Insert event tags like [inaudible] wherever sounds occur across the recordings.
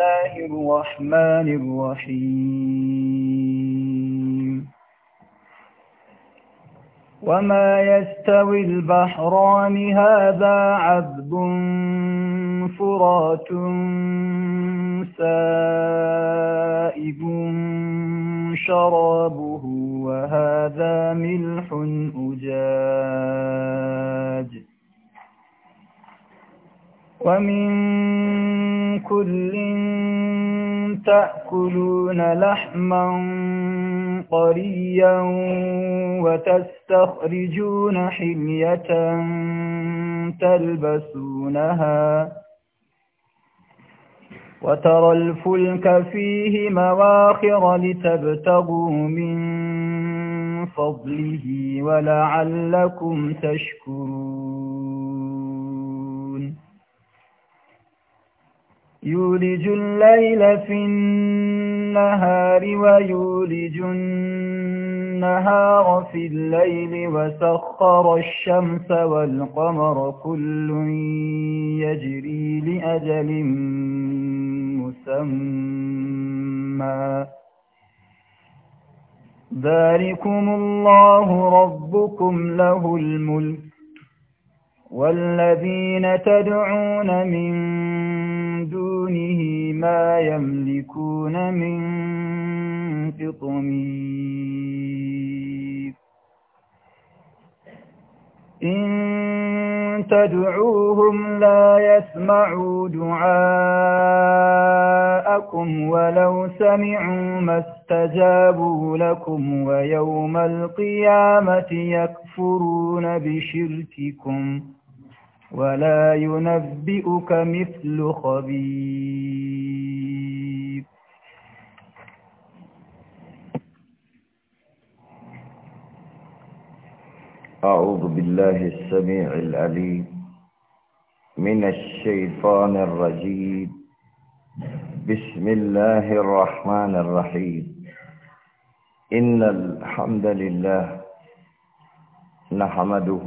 الله الرحمن الرحيم وما يستوي البحران هذا عذب فرات سائب شرابه وهذا ملح أجاج ومن كل تأكلون لحما طريا وتستخرجون حمية تلبسونها وترى الفلك فيه مواخر لتبتغوا من فضله ولعلكم تشكرون يولج الليل في النهار ويولج النهار في الليل وسخر الشمس والقمر كل يجري لأجل مسمى ذلكم الله ربكم له الملك والذين تدعون من دونه ما يملكون من قطمير إن تدعوهم لا يسمعوا دعاءكم ولو سمعوا ما استجابوا لكم ويوم القيامة يكفرون بشرككم ولا ينبئك مثل خبير أعوذ بالله السميع العليم من الشيطان الرجيم بسم الله الرحمن الرحيم إن الحمد لله نحمده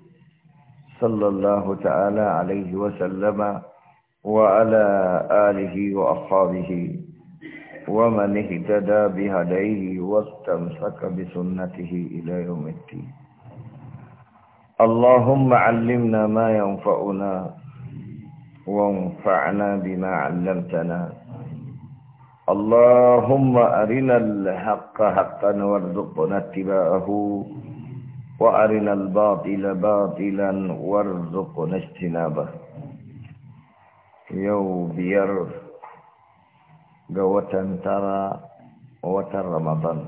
صلى الله تعالى عليه وسلم وعلى آله وأصحابه ومن اهتدى بهديه واستمسك بسنته إلى يوم الدين اللهم علمنا ما ينفعنا وانفعنا بما علمتنا اللهم أرنا الحق حقا وارزقنا اتباعه وأرنا الباطل باطلا وارزقنا اجتنابه يو بير قوة ترى وتر رمضان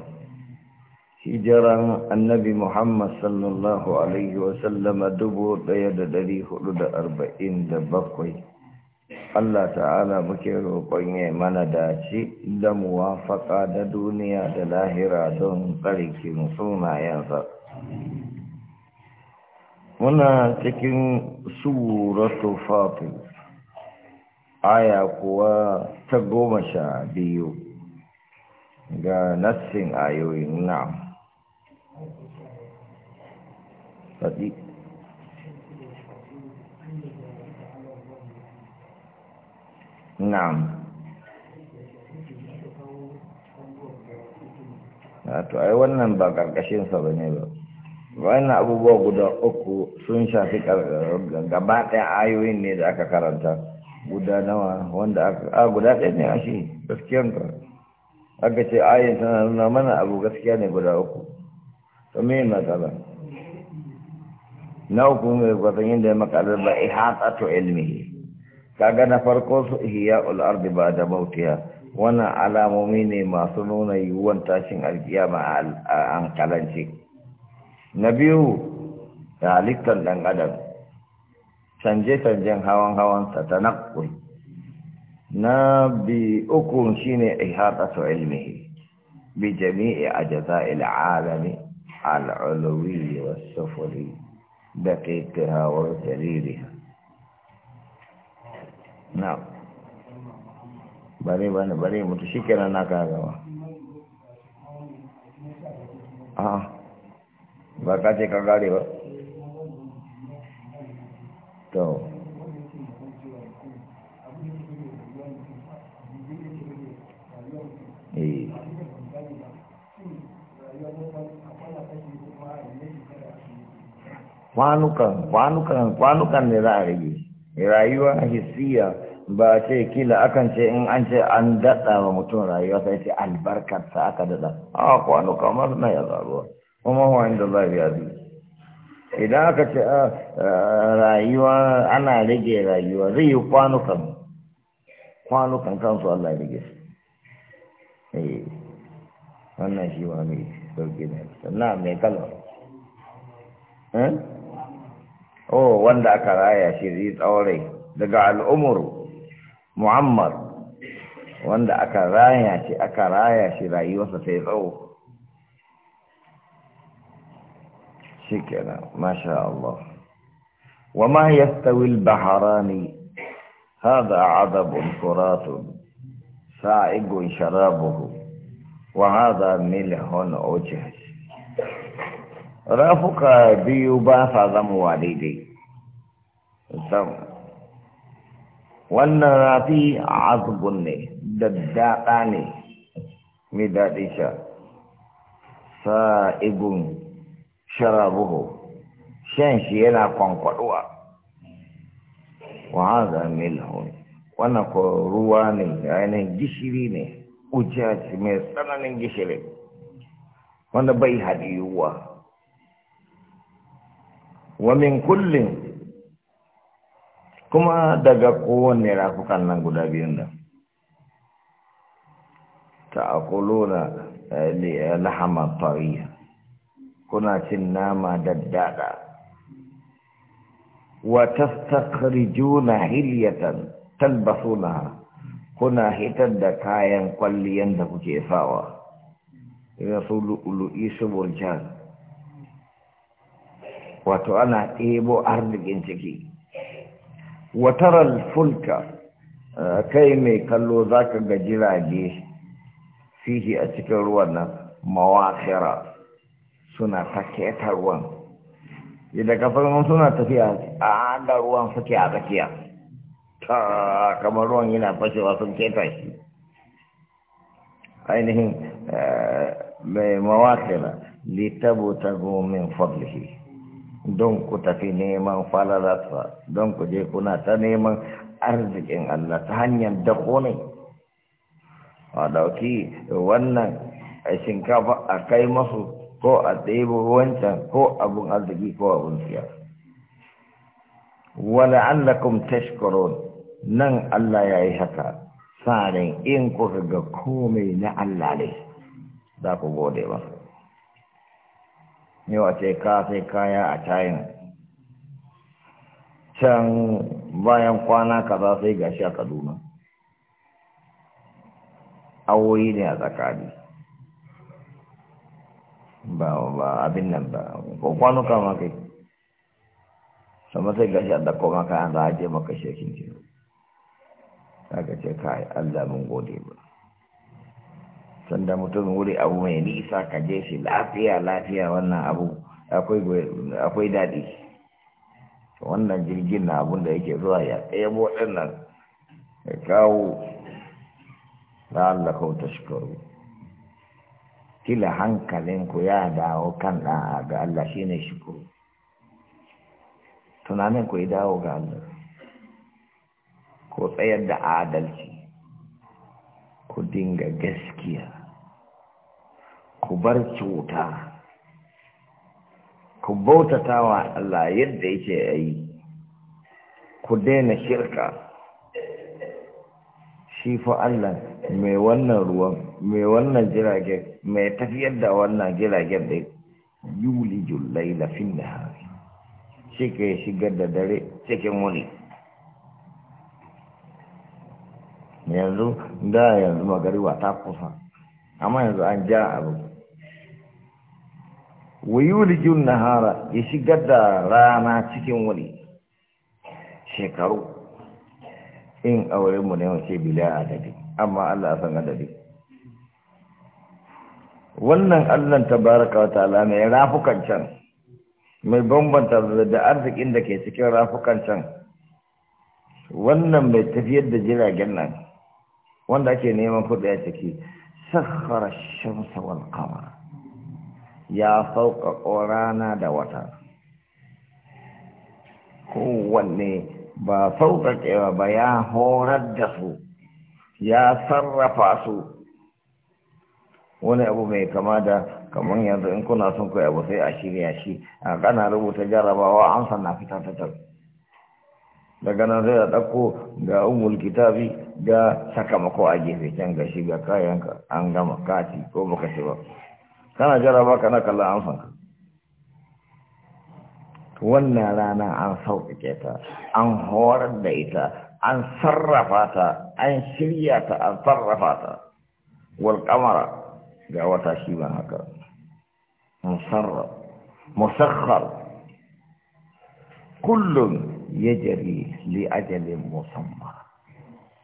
هجرا النبي محمد صلى الله عليه وسلم دبو ديد دريه لد أربعين دبقوي Allah ta'ala muke roƙon ya mana dace da muwafaƙa da duniya da lahira don tsarikin sunayensa. muna cikin suratu fatir aya kuwa ta goma sha biyu ga nassin ayoyin na'am faɗi na'am to ai wannan ba ƙarƙashinsa ba ne ba wannan abubuwa guda uku sun shafi gaba ɗaya ayoyin ne da aka karanta guda nawa wanda aka a guda ɗaya ne a shi gaskiyan ka aka ce ayin tana nuna mana abu gaskiya ne guda uku to me matsala na uku mai yin da ya makalar ba ihatatu ilmihi kaga na farko su ihya ul'ardi ba da bautiya, wannan alamomi ne masu nuna yiwuwan tashin alkiyama a ankalanci na biyu da halittar ɗan adam canje-canjen hawan-hawansa ta naƙul na bi uku shine ihata su ilmihi bi jami'i a jaza'il alami al'ulawi wasu furi da ke hawar jariri na bare bane bare mutu shi kenan na kagawa a ah. ba ka ce kan gare ba to eh. kwanukan kwanukan kwanukan ne a rayuwa hissiya ba ce kila akan ce in an ce an daɗa wa mutum rayuwa sai ce albarkarsa aka daɗa a kwanukan masu na ya zaruwa kuma wa inda za a biyu idan aka ce ah, rayuwa ana rage rayuwa zai yi kwanukan kwanukan kansu Allah ya rage su eh, wannan shi ma mai sauƙi ne sannan mai kalmar eh? oh wanda aka raya shi zai tsaurai daga al'umuru muhammad wanda aka raya shi aka raya shi rayuwarsa sai tsawo شكرا ما شاء الله وما يستوي البحران هذا عذب فرات سائق شرابه وهذا ملح أجهز رافق بيوبا فظم والدي سم والنراتي عذبني دداقاني مدادشا ne sharabuhu shan shi yana kwankwaduwa wa milhun wannan ko ruwa ne ainihin gishiri ne ujaji mai tsananin gishiri wanda bai hadiyuwa wa min kullum kuma daga kowane rafukan nan guda biyun nan ta akuluna eh, eh, lahama tariya kuna cin nama da dada wa tastakhrijuna hilyatan talbasuna kuna hitar da kayan kwalliyan da kuke sawa ya su lu'ulu'i su burjan wato ana ɗebo arzikin ciki wataral fulka eh, kai mai kallo zaka ga jirage fihi a cikin ruwan nan mawakira suna ta keta ruwan daga farkon suna tafiya a hada ruwan suke a tsakiya ta kamar ruwan yana fashewa sun keta shi ainihin eh, mai mawakila litabu ta gomin fadlihi don ku tafi neman falalarsa don ku je kuna ta neman arzikin Allah ta hanyar da ne a dauki wannan shinkafa a kai masu ko a ɗebo wancan ko abun arziki ko abun siya wala allakum tashkurun nan Allah ya yi haka tsarin in ku ga komai na Allah ne za ku gode ba yau wace ce ka sai kaya a china can bayan kwana kaza sai gashi a kaduna awoyi ne a tsakani ba ba abin nan ba ko ka ma kai sama sai gashi an dako maka an zaje maka shekin ki kaga ce kai Allah mun gode ba sanda mutum wuri abu mai nisa ka je shi lafiya lafiya wannan abu akwai akwai dadi wannan jirgin na abun da yake zuwa ya ɗebo ɗin nan ya kawo la'allakau tashkuru kila ku ya dawo kan ɗa'a ga Allah shi ne shukuru tunaninku ya dawo ga Allah ko tsayar da adalci ku dinga gaskiya ku bar cuta ku bautata wa Allah yadda yake yi ku daina shirka shi fa Allah mai wannan ruwan mai wannan jiragen mai tafiyar da wannan jiragen da yuli julai lafin da hari shi ke shigar da dare cikin wuni yanzu da yanzu magariwa ta kusa amma yanzu an ja abu wuyuli jun nahara ya shigar da rana cikin wuni shekaru in aure mu ne wace bila adadi amma Allah ya san adadi wannan Allah tabaraka wa ta'ala mai rafukan can mai bambanta da arzikin da ke cikin rafukan can wannan mai tafiyar da jiragen nan wanda ake neman kuɗi a ciki sakhara shamsa wal qamar ya sauka rana da wata kowanne ba sauƙaƙewa ba ya horar da su ya sarrafa su wani abu mai kama da kamar yanzu in kuna son kai abu sai a shirya shi a kana rubuta jarabawa amsa na fita tattal daga nan zai ɗauko ga umul kitabi ga sakamako a gefe can ga shi ga kayan an gama kati ko baka shi ba kana jaraba kana kallon amsa wannan rana an sauƙaƙe ta an horar da ita an sarrafa ta an shirya ta an sarrafa ta wal kamara ga wata shi ba haka musakhar kullum ya jari li'ajalin musamman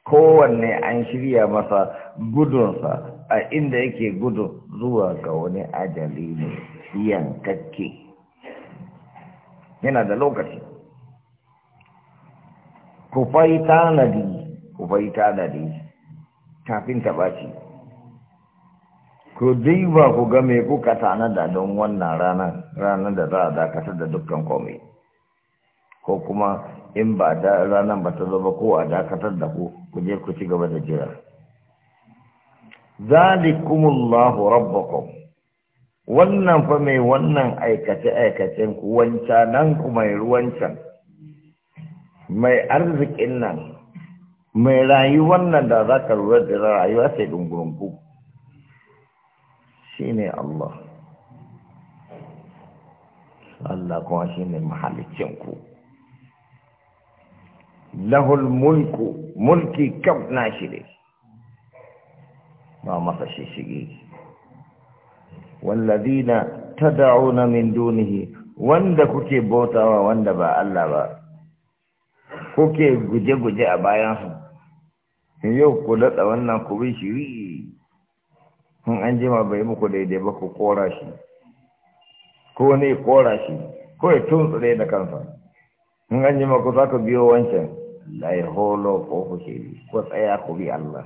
kowanne an shirya masa gudunsa a inda yake gudu zuwa ga wani ajali ne yankakke yana da lokaci ku fai tanadi ku fai tanadi kafin ta ɓaci ko ku ba ku ga me kuka tana da don wannan ranar ranar da za a dakatar da dukkan komai ko kuma in ba da ranar ba ta zo ba ko a dakatar da ku ku je ku ci gaba da jira zalikumullahu rabbakum wannan fa mai wannan aikace-aikacen ku wanca nan ku mai ruwancan mai arzikin nan mai rayuwar nan da za ka lura da rayuwa sai ku. shi ne Allah Allah kuma shi ne mahalicinku lahul mulku mulki kam na shi ne ba masa shi shige wallazina tad'una min dunihi wanda kuke bautawa wanda ba Allah ba kuke guje-guje a bayansu yau ku da wannan ku bi shiri in an jima bai muku daidai ba ku kora shi ko ne kora shi ko ya tuntsure da kansa in an jima ku za ku biyo wancan lai holo ko ku ke bi ko tsaya ku bi Allah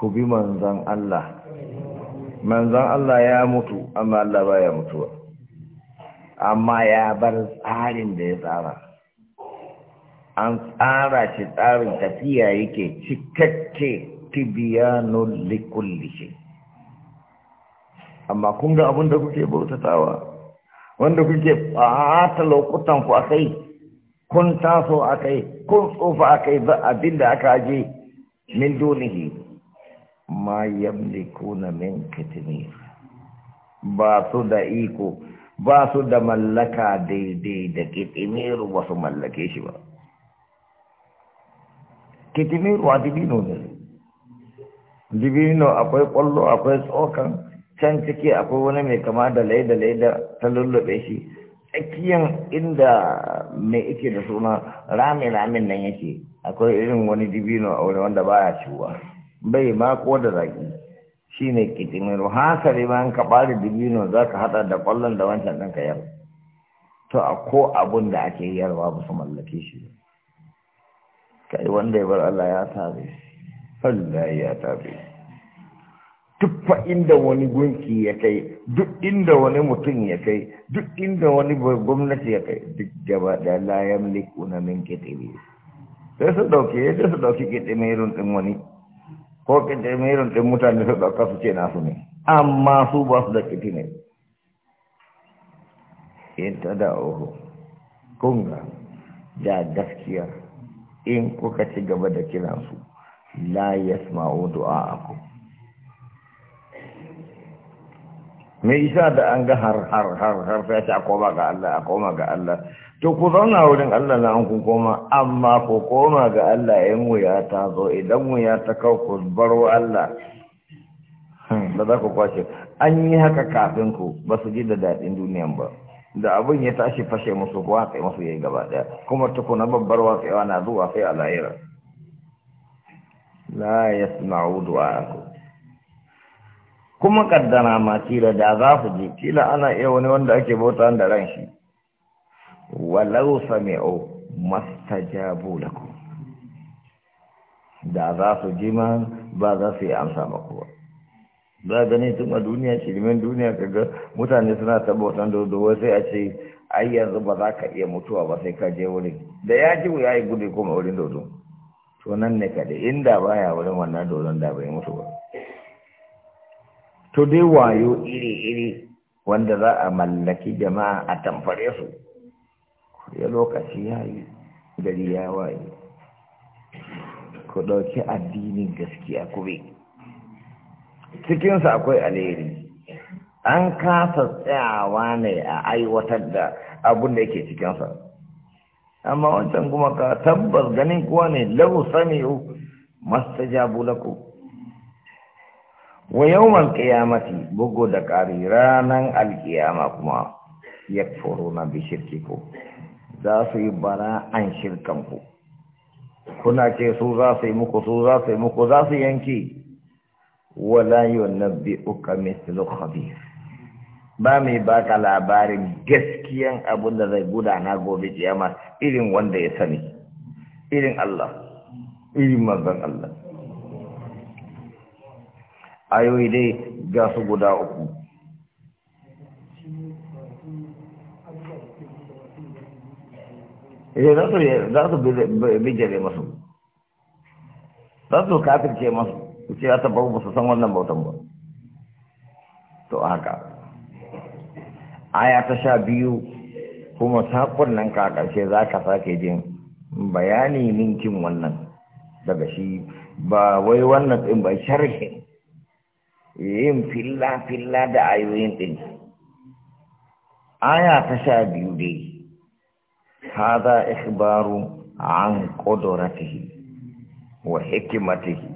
ku bi manzan Allah manzan Allah ya mutu amma Allah baya mutuwa amma ya bar tsarin da ya tsara an tsara shi tsarin tafiya yake cikakke tibiyanun likulli shi amma kun ga abin da kuke bautatawa wanda kuke ɓata lokutan ku akai kun taso akai kun tsofa akai ba abin da aka aje min dunihi ma yamlikuna min kitmir ba su da iko ba su da mallaka daidai da kitimiru ba su mallake shi ba kitimiru a ne dibino akwai kwallo akwai tsokan can ciki akwai wani mai kama da laida laida ta lullube shi tsakiyan inda mai ike da suna rami ramin nan yake akwai irin wani dibino a wani wanda baya ciwa bai ma da zaki shi shine kitimiro hasari bayan ka divino za ka hada da kwallon da wancan ɗan ka yar to a ko abun da ake yarwa ba su mallake shi kai wanda ya bar Allah ya sare shi Allah ya tabe duk fa inda wani gunki ya kai duk inda wani mutum ya kai duk inda wani gwamnati ya kai duk gaba da la yamliku na min kitibi sai su dauke sai su dauki kitimirun din wani ko kitimirun din mutane su dauka su ce nasu ne amma su ba su da kitimir in ta da oho kunga da gaskiya in kuka ci gaba da kiransu la yasma'u du'a'akum me isa da an ga har har har har sai ta koma ga Allah a koma ga Allah to ku zauna wurin Allah na an kun koma amma ku koma ga Allah yan wuya ta zo idan wuya ta kau ku baro Allah da za ku kwashe an yi haka kafin ku ba su ji da daɗin duniyan ba da abin ya tashi fashe musu watsa musu yayi gaba daya kuma tukuna babbar watsewa na zuwa sai a lahira la yasma'u du'aakum kuma kaddara ma kila da za su ji kila ana iya wani wanda ake bauta da ran shi walau sami'u mastajabu lakum da za su ji ma ba za su yi amsa maku ba za gani tun a duniya shirimin duniya kaga mutane suna tabbatan da wai sai a ce ai yanzu ba za ka iya mutuwa ba sai ka je wurin da ya ji ya yi gudu kuma wurin dodo to nan ne kaɗai inda baya wurin wannan doron da bai mutu ba to dai wayo iri-iri wanda za a mallaki jama'a a tamfare su ya lokaci ya yi gari ya waye ku ɗauki addinin gaskiya kube cikinsa akwai alheri an kasa tsayawa ne a aiwatar da abin da yake cikinsa amma wancan kuma ka tabbas ganin kuwa ne lau sami'u mastajabu laku wa yawmal qiyamati bugu da ƙari ranan alkiyama kuma yakfuruna bi shirkiku za su yi an shirkanku kuna ce su za su yi muku su za su yi muku za su yanki wala yunabbi'uka mithlu khabir ba mai baka labarin gaskiyan abin da zai gudana gobe kiyama irin wanda ya sani irin Allah irin manzon Allah ayoyi dai ga su guda uku eh, za su bijire masu za su kafirce masu ce ya taɓa musu san wannan bautan ba to haka aya ta sha biyu kuma saƙonnin nan ka ƙarshe za ka sake jin bayani ninkin wannan daga shi ba wai wannan ɗin ba sharhi yin filla-filla da ayoyin ɗin aya ta sha biyu dai haza ikhbaru an ƙuduratihi wa hikimatihi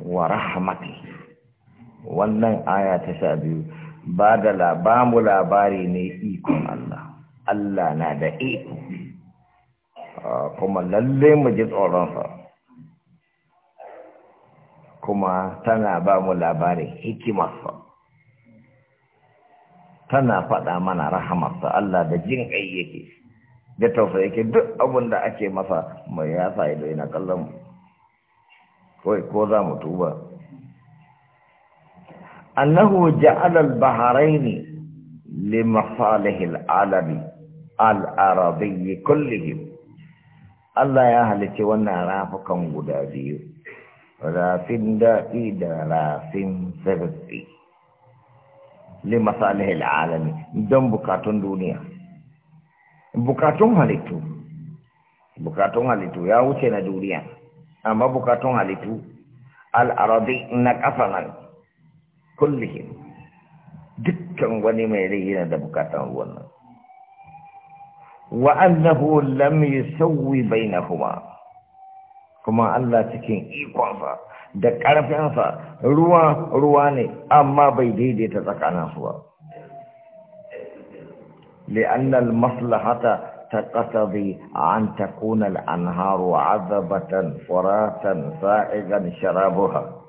wa rahmatihi wannan aya ta sha biyu ba da labamu labari ne ikon Allah Allah na da iko ah, kuma lalle mu ji tsoronsa kuma tana ba mu labarin hikimarsa tana faɗa mana rahamarsa Allah da jin ƙai yake da tausa yake duk abin da ake masa mai yasa ido yana kallon mu kawai ko za mu tuba انه جعل البحرين لمصالح العالم الارضي كلهم الله يا اهل تيوانا رافقكم غدادي رافين دا ايدا رافين سرسي لمصالح العالم دم بكاتون دنيا بكاتون هاليتو بكاتون هاليتو يا وشينا دنيا اما بكاتون هاليتو انك نكفنا كلهم دكا ولم يلينا دبكا وأنه لم يسوي بينهما كما الله تكين إيقافا دكارا في أنفا روا رواني أما بيديدي دي تتكانا سوا لأن المصلحة تقتضي أن تكون الأنهار عذبة فراتا سائغا شرابها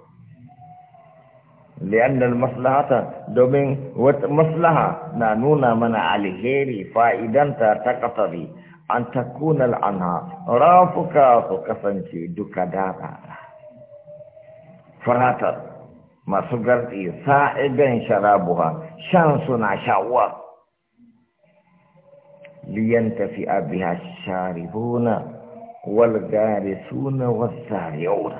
لأن المصلحة دومين مصلحة نانونا من علي غيري فإذا تقتضي أن تكون الأنهار رافقا فكفنتي دارا فراتر ما سكرتي سائبا شرابها شانسنا شاور لينتفئ بها الشاربون والجالسون والزارعون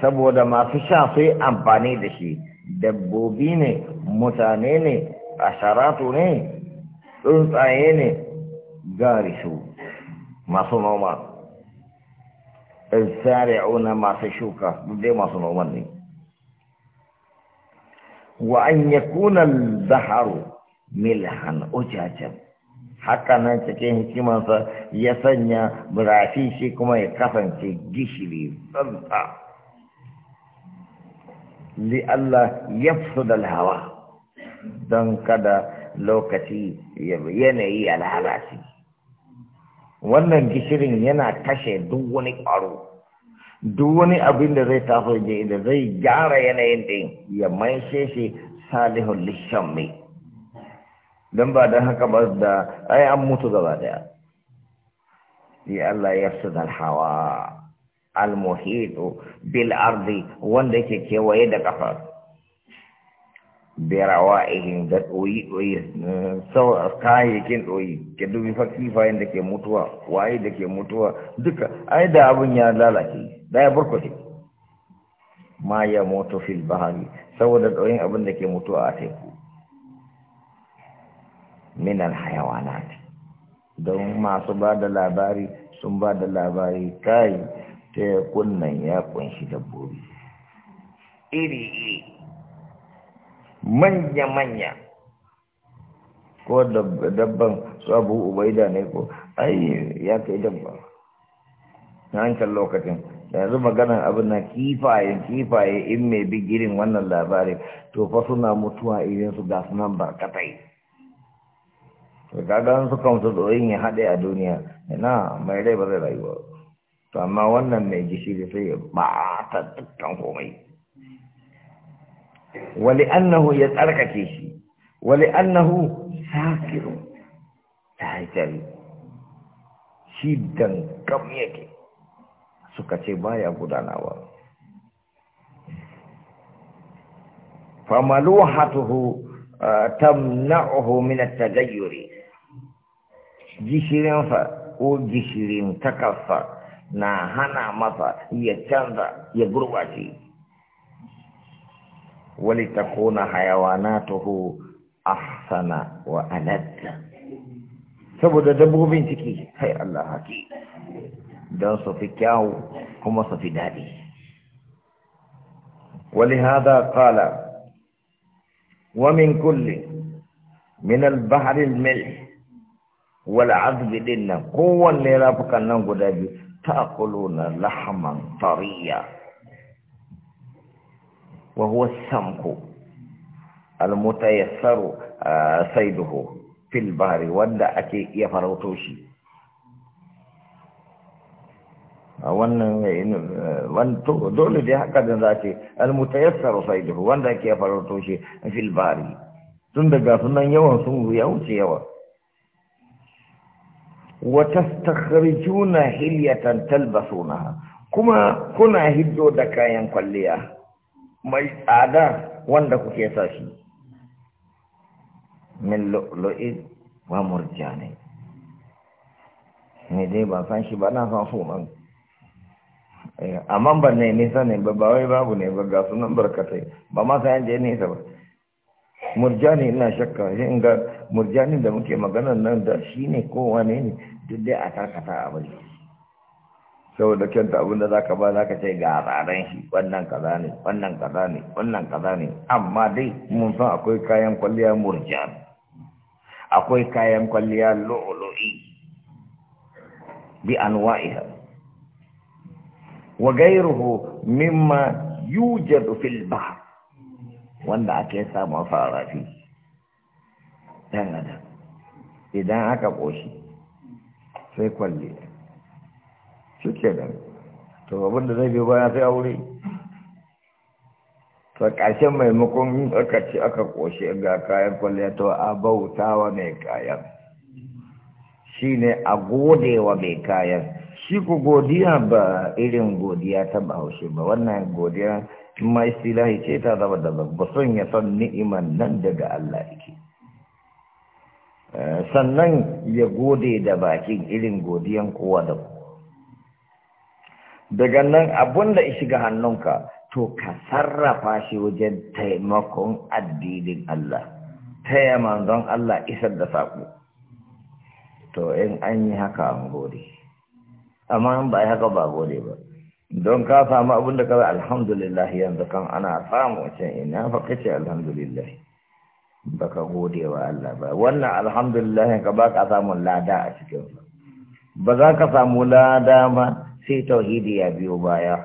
saboda masu sha sai amfani da shi dabbobi ne mutane ne asharatu ne tsuntsaye ne garisu masu noma tsari'una masu shuka dai masu noman ne wa an yakuna zaharu milhan ujajan haka nan cikin hikimansa ya sanya rafi shi kuma ya kasance gishiri tsantsa li Allah yafsudal hawa don kada lokaci yanayi alhalasi wannan gishirin yana kashe duk wani ƙwaro duk wani abin da zai taso je da zai gyara yanayin ɗin ya maishe shi salihun lishan mai don ba don haka ba da ai an mutu gaba daya ya Allah ya su hawa almuhitu bil ardi wanda yake kewaye da kafa birawa'ihin da doyi doyi eh, sau kayayyakin ɗoyi. ke dubi fakifayen da ke mutuwa waye da ke mutuwa duka ai da abun ya lalace da ya burkushe ma ya moto fil bahari saboda ɗoyin abin da ke mutuwa a teku minal hayawanat don masu ba da labari sun ba da labari kai ta kunnan ya kunshi dabbobi iri-iri manya-manya ko dabban su abu ubaida ne ko ai ya kai dabba na hankal lokacin yanzu maganar abin na kifaye kifaye in mai bi girin wannan labarin to fa suna mutuwa irin su ga sunan barkatai to kaga su kamsu doyin ya haɗe a duniya ina mai rai ba zai rayuwa to amma wannan mai gishi da sai ya bata dukkan komai wali annahu ya tsarkake shi wali annahu sakiru ta haitari shi dankam yake suka ce baya gudanawa famaluhatuhu tamna'uhu min at-tagayyuri gishirin fa ko gishirin takaffa na hana masa ya canza ya gurbace wali ta kona hayawanatuhu ahsana wa alatta saboda dabbobin ciki sai Allah haki don su fi kyawu kuma su fi daɗi wali hada kala ومن كل من البحر الملح والعذب دينا قوة لرافقا ننقل تأكلون لحما طريا وهو السمك المتيسر آه، صيده في البحر ودا أكي يفرطوشي وان دول دي حقا ذاتي المتيسر صيده ودا أكي يفرطوشي في البحر تندقى يوم يوان يوم يوان سيوان wa tastakhrijuna hilyatan talbasunaha kuma kuna hiddo da kayan kwalliya mai tsada wanda kuke sa shi min lu'lu'i wa murjani ne dai ba san shi ba na san sunan amma ban ne ne sanin ba ba wai babu ne ba ga sunan barkatai ba ma sayan je nisa ba murjani ina shakka shi in ga murjanin da muke maganar nan da shi ne kowa ne ne duk dai a karkata a bari saboda kyanta abin da za ka ba za ka ce ga tsaren shi wannan kaza ne wannan kaza ne wannan kaza ne amma dai mun san akwai kayan kwalliya murjan akwai kayan kwalliya lo'olo'i bi an wa'iha wa gairuhu mimma yujadu fil bahr wanda ake samu farafi ɗan adam idan aka ƙoshi sai kwalle su ke nan to abin da zai bi baya sai aure to ƙarshen maimakon aka ce aka ƙoshi ga kayan kwalle to a bauta wa mai kayan shi ne a gode wa mai kayan shi ku godiya ba irin godiya ta bahaushe ba wannan godiya ma istilahi ce ta zama da ba son ya son ni'iman nan daga Allah yake Eh, sannan ya gode da bakin irin godiyan kowa da kowa daga nan abun da shiga hannunka to ka sarrafa shi wajen taimakon addinin Allah taya manzon Allah isar da saƙo to in an yi haka an gode amma in ba haka ba gode ba don ka samu abin da alhamdulillah yanzu kan ana samu can ina fa kace alhamdulillah baka gode wa Allah ba wannan alhamdulillah ka ba ka samu lada a cikin ba za ka samu lada ba sai tauhidi ya biyo baya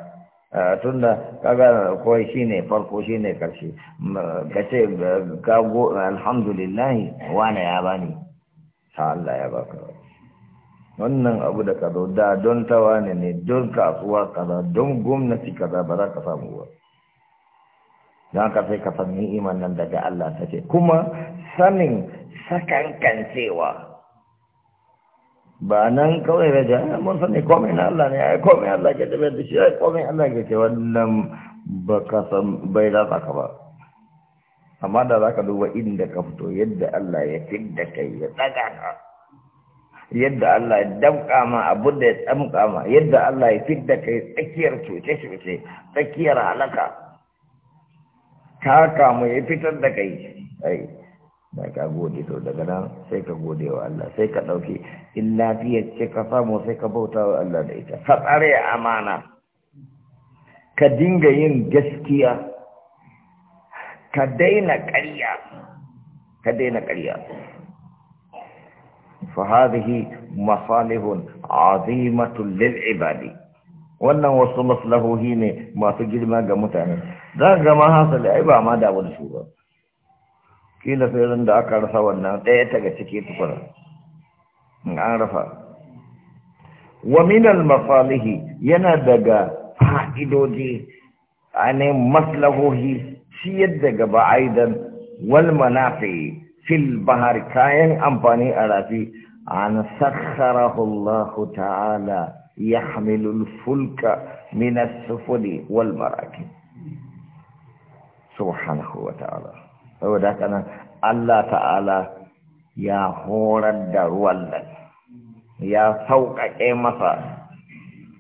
tunda kaga ko shine farko shine karshe ka ce ka go alhamdulillah wani ya bani ta Allah ya baka wannan abu da ka da don tawane ne don kasuwa kaza don gwamnati kaza ba za ka samu ba don ka sai ka san ni'iman nan daga Allah ta ce. kuma sanin sakankancewa ba nan kawai jami'a mun sani komai na Allah ne ai komai Allah ke da shi ai komai Allah ke ce wannan ba ka san bai za ka ba amma da za ka duba inda ka fito yadda Allah ya fi da kai ya tsaga ka yadda Allah ya damƙa ma abu da ya tsamƙa ma yadda Allah ya fi fidda kai tsakiyar cuce-cuce tsakiyar halaka ka kamu ya fitar da kai ai da ka gode to daga nan sai ka gode wa Allah sai ka ɗauki in lafiyar ce ka samu sai ka bauta wa Allah da ita ka tsare amana ka dinga yin gaskiya ka daina ƙarya ka daina ƙarya fa hadhihi masalihun azimatu lil ibadi wannan wasu maslahohi ne masu girma ga mutane za ga ma hasali ai ba ma da wani shugaba kila sai ran da aka rasa wannan ɗaya daga ciki tukuna an rafa wa al yana daga fa'idoji ane maslahohi shi yadda ga aidan wal manafi fil bahar kayan amfani a rafi an sakharahu Allah ta'ala يحمل الفلك من السفن والمراكب سبحانه وتعالى saboda haka nan Allah ta'ala ya horar da ruwan nan ya sauƙaƙe masa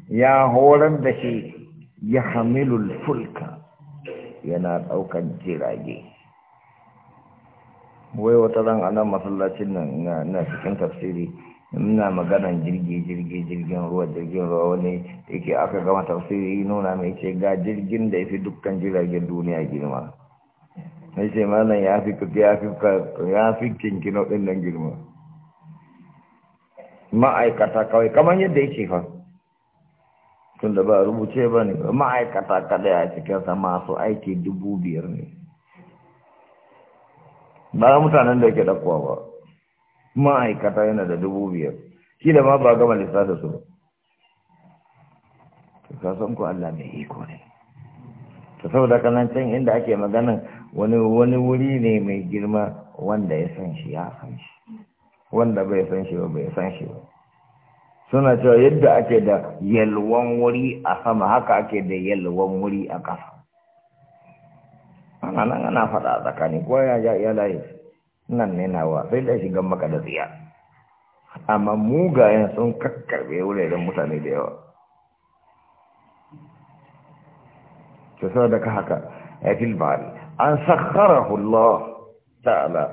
ya horar da shi ya fulka yana ɗaukan jirage wai wata ran a masallacin nan na cikin tafsiri muna maganan jirgi jirgi jirgin ruwa jirgin ruwa wani yake aka gama tafsiri nuna mai ce ga jirgin da yafi dukkan jiragen duniya girma na ce malam ya fi ya fi kinkino ɗin nan girma ma'aikata kawai kamar yadda yake fa tun da ba rubuce ba ne ma'aikata kada ya sa masu aiki dubu biyar ne ba mutanen da yake dakuwa ba ma'aikata yana da dubu biyar shi ma ba gama lissafi su ba san ku Allah mai iko ne ta saboda kanan inda ake magana wani wani wuri ne mai girma wanda ya san shi ya san shi wanda bai san shi ba bai san shi ba suna cewa yadda ake da yalwan wuri a sama haka ake da yalwan wuri a ƙasa ana nan ana faɗa a tsakani ko ya ya layi nan ne nawa sai da shigan maka da tsiya amma mugayen sun kakkarbe wuraren mutane da yawa to sau da ka haka ya filbari an sakhara Allah ta'ala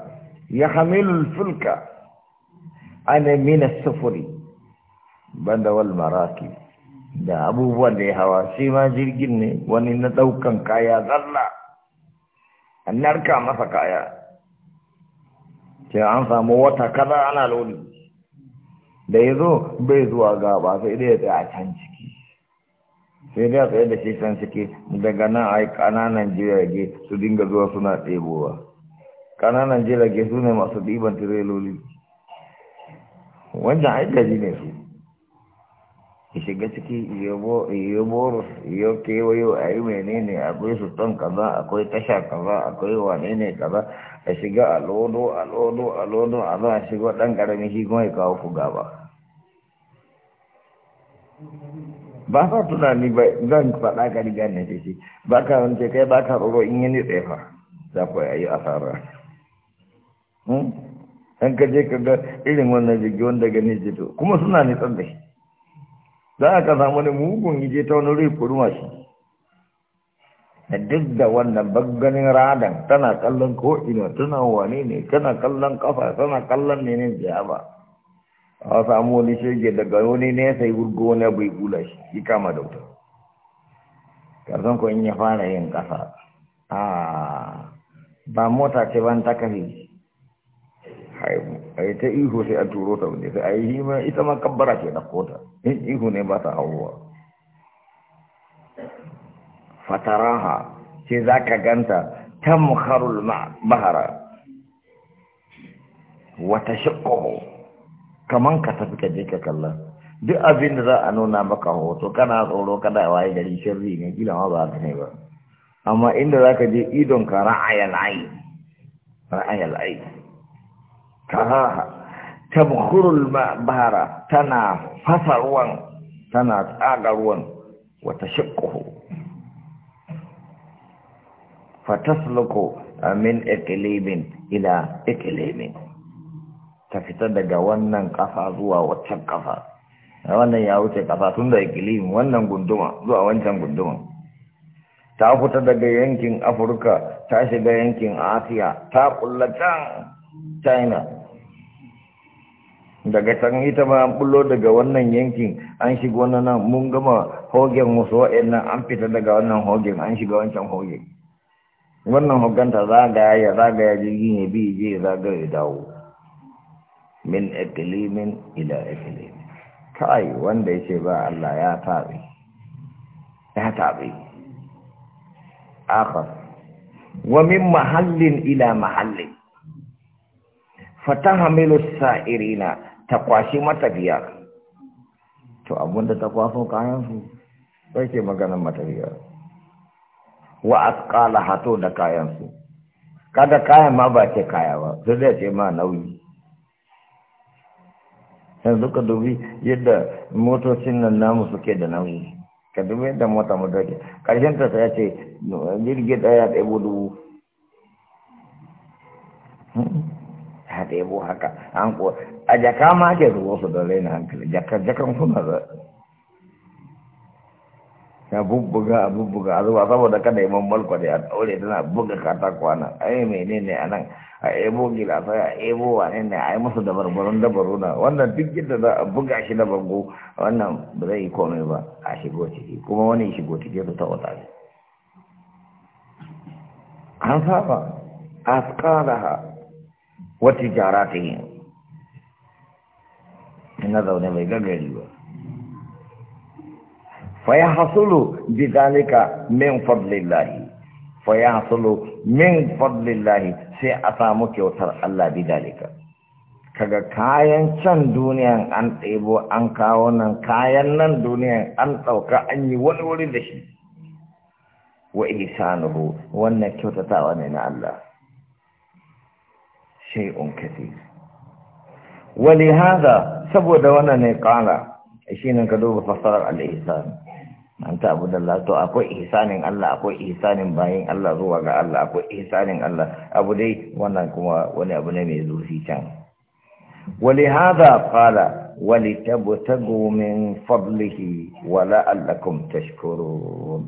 ya hamilul fulka an mina sufuri banda wal maraki da abubuwan da ya hawa shi ma jirgin ne wani na daukan kaya zalla an narka masa kaya Sai an samu wata kaza ana loli da ya zo bai zuwa gaba sai dai ya tsaye a can ciki sai dai a tsaye da shi can ciki daga nan a yi ƙananan jirage su dinga zuwa suna ɗebowa ƙananan jirage su ne masu ɗiban tireloli wancan aikaji ne su ya shiga ciki ya borus ya kewayo a yi menene akwai sultan kaza akwai tasha kaza akwai wane ne kaza a shiga a lodo a lodo a lodo a za a shiga ɗan ƙaramin shi kuma ya kawo ku gaba ba sa tunani ba zan faɗa ka riga ne ce shi ba ka wance kai ba ka tsoro in yi ni tsefa za ku yi asara hmm? an ka je ka ga irin wannan jirgi wanda gani jito kuma suna nitsar da shi za a ka samu wani mugun ije ta wani rai kurma shi da duk da wannan bagganin radan tana kallon ko'ina tana wane ne tana kallon kafa tana kallon ne ne ziya ba a samu wani shirge daga wani ne sai gurgo wani bai kula shi yi kama da wuta karzon ko in ya fara yin kasa a ba mota ce ban takafi haihu a yi ta ihu sai a turo ta wunde sai a yi hima ita ma kabbara ce na kota in ihu ne ba ta hauwa fataraha ce za ka ganta ta muharul bahara wata shakko kaman ka tafi ka je ka kalla duk abin da za a nuna maka hoto kana tsoro kada waye gari shirri ne gina ma ba ta ne ba amma inda za ka je idon ka ra'ayal ayi ra'ayal ayi taraha tabkhurul bahara tana fasa ruwan tana tsaga ruwan wata shakkuhu fatasluku min ikilimin ila ikilimin ta fita daga wannan kafa zuwa waccan kafa wannan ya wuce kafa tun da ikilimin wannan gunduma zuwa wancan gunduma ta fita daga yankin afirka ta shiga yankin asiya ta kulla can china daga can ita ma an bullo daga wannan yankin an shiga wannan nan mun gama hogen wa'in nan an fita daga wannan hogen an shiga wancan hogen wannan hoganta zagaya ya zagaya jirgin ya bi je ya zagaya ya dawo min ikilimin ila ikilimin kai wanda ya ce ba Allah ya taɓe ya taɓe akhar wa min mahallin ila mahallin fatahamilu sa'irina ta kwashi matafiya to abinda ta kwaso kayansu sai ke maganin matafiya wa asqala hato da kayansu kada kayan ma ba ce kaya ba sai da ce ma nauyi yanzu ka dubi yadda motocin nan namu suke da nauyi ka dubi yadda mota mu dauke karshen ta sai ce jirgi daya da ibo dubu hmm? ya da ibo haka an ko a jaka ma ke zuwa su da raina hankali jakar jakan suna za ya bubbuga a bubbuga a zuwa saboda kada yi mammal kwade a ɗaure tana buga kwana a yi mene ne a nan a ebo gila sai a ebo wane ne a yi musu dabarbarun dabaru na wannan duk yadda za a buga shi da bango wannan ba zai yi komai ba a shigo ciki kuma wani shigo ciki su ta wata ne an saba a jara ta yi. Na zaune bai gagari ba faya hasulu bi zalika min fadlillahi faya hasulu min fadlillahi sai a samu kyautar Allah bi zalika kaga kayan can duniyan an ɗebo an kawo nan kayan nan duniyan an ɗauka an yi wani wuri da shi wa ihsanuhu wannan kyautatawa ne na Allah shay'un kathir wali haza saboda wannan ne kala shi ne ka duba fasarar al-ihsan an ta abu Allah to akwai ihsanin Allah akwai ihsanin bayin Allah zuwa ga Allah akwai ihsanin Allah abu dai wannan kuma wani abu ne mai zuci can wali hada qala wali tabtagu min fadlihi wa la'allakum tashkurun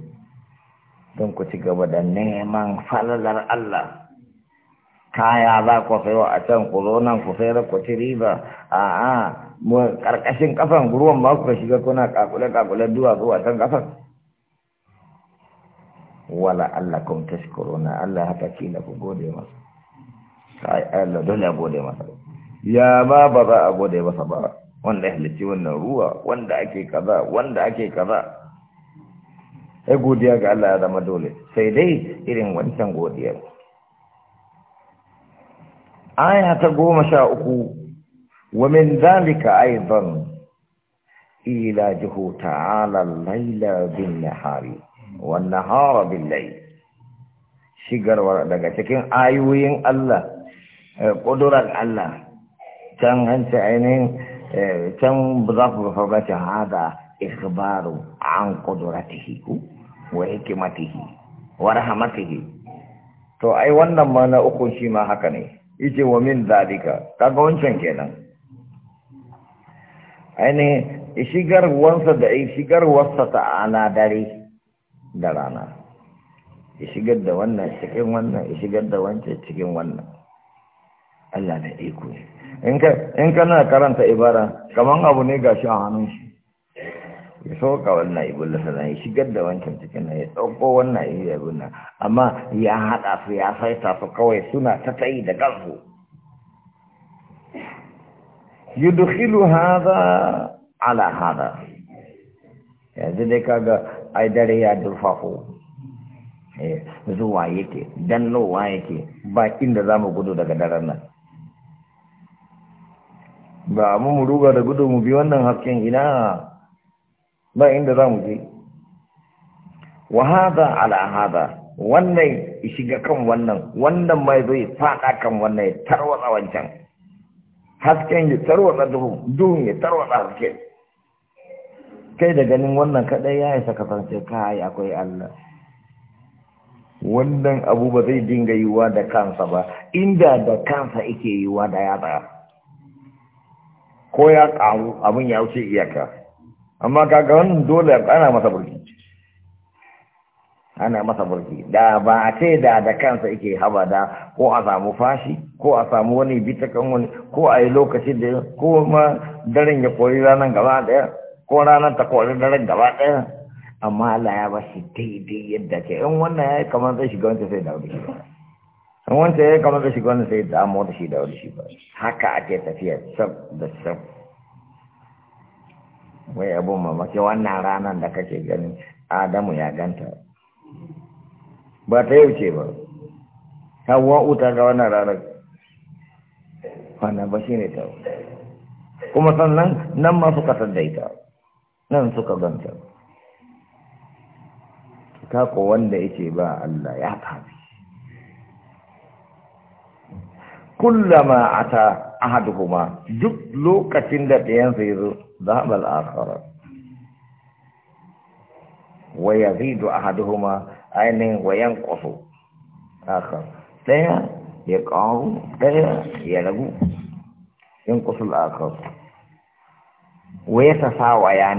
don ku ci gaba da neman falalar Allah kaya za ku sayo a can ku zo nan ku sayar ku ci riba a a mu karkashin kafan ruwan ba ku shiga kuna kakule kakule duwa zuwa can kafan wala Allah allakum tashkuruna Allah haka kila ku gode masa sai Allah dole gode masa ya ba ba za a gode masa ba wanda ya halicci wannan ruwa wanda ake kaza wanda ake kaza ai godiya ga Allah ya zama dole sai dai irin wancan godiyar aya ta goma sha uku wa min zalika aidan jihu ta'ala laila bin nahari wa nahara bin lai shigarwar daga cikin ayoyin Allah eh, ƙudurar Allah can hanci ainihin eh, can za ku fargaci hada ikhbaru an ƙuduratihi wa hikimatihi wa rahamatihi to ai wannan ma na ukun shi ma haka ne yace wa min zalika kaga wancan kenan ishigar wansa da wasa ta ana dare da rana shigar da wannan cikin wannan shigar da wancan cikin wannan Allah da iko in kana karanta ibara kaman abu ne gashi a hannun shi ya sauka wannan ibulla sana ya shigar da wancan cikin nan ya sauko wannan ibun nan amma ya haɗa su ya saita su kawai suna ta tsayi da kansu yudkhilu hadha ala hadha yanzu dai kaga ai dare ya durfafo eh zuwa yake dannowa yake ba inda zamu gudu daga daren nan ba mu mu ruga da gudu mu bi wannan hasken ina ba inda za mu je wa hada ala hada wannan shiga kan wannan wannan mai zai fada kan wannan ya tarwatsa wancan hasken ya tarwatsa duhu duhun ya tarwatsa hasken kai da ganin wannan kadai ya isa kasance kai akwai Allah wannan abu ba zai dinga yiwa da kansa ba inda da kansa ike yiwa da ya ko ya ƙaru abin ya wuce iyaka amma kaga wannan dole ana masa burki ana masa burki da ba a ce da da kansa yake haba da ko a samu fashi ko a samu wani bita kan wani ko a yi lokaci da ko ma daren ya kori ranar gaba daya ko ranar ta kori daren gaba daya amma Allah ya ba shi daidai yadda ke in wannan ya yi kamar zai shiga wancan sai da wani shi ba in wancan ya yi kamar zai shiga wancan sai da amma wani shi da wani shi ba haka ake tafiya sab da sab wai abun mamaki wannan ranar da kake ganin adamu ya ganta ba ta yau ce ba hawa uta ga wannan ranar wannan ba shi ne ta kuma sannan nan ma suka saddaita. nan suka ganta ta ko wanda yake ba Allah ya tafi kullama ata ahaduhuma duk lokacin da ɗayansa ya zo zaɓar akara wa ya ahaduhuma ainihin wayan ƙwaso akhar ɗaya ya ƙaru ɗaya ya lagu in ƙusul akar wa sa waya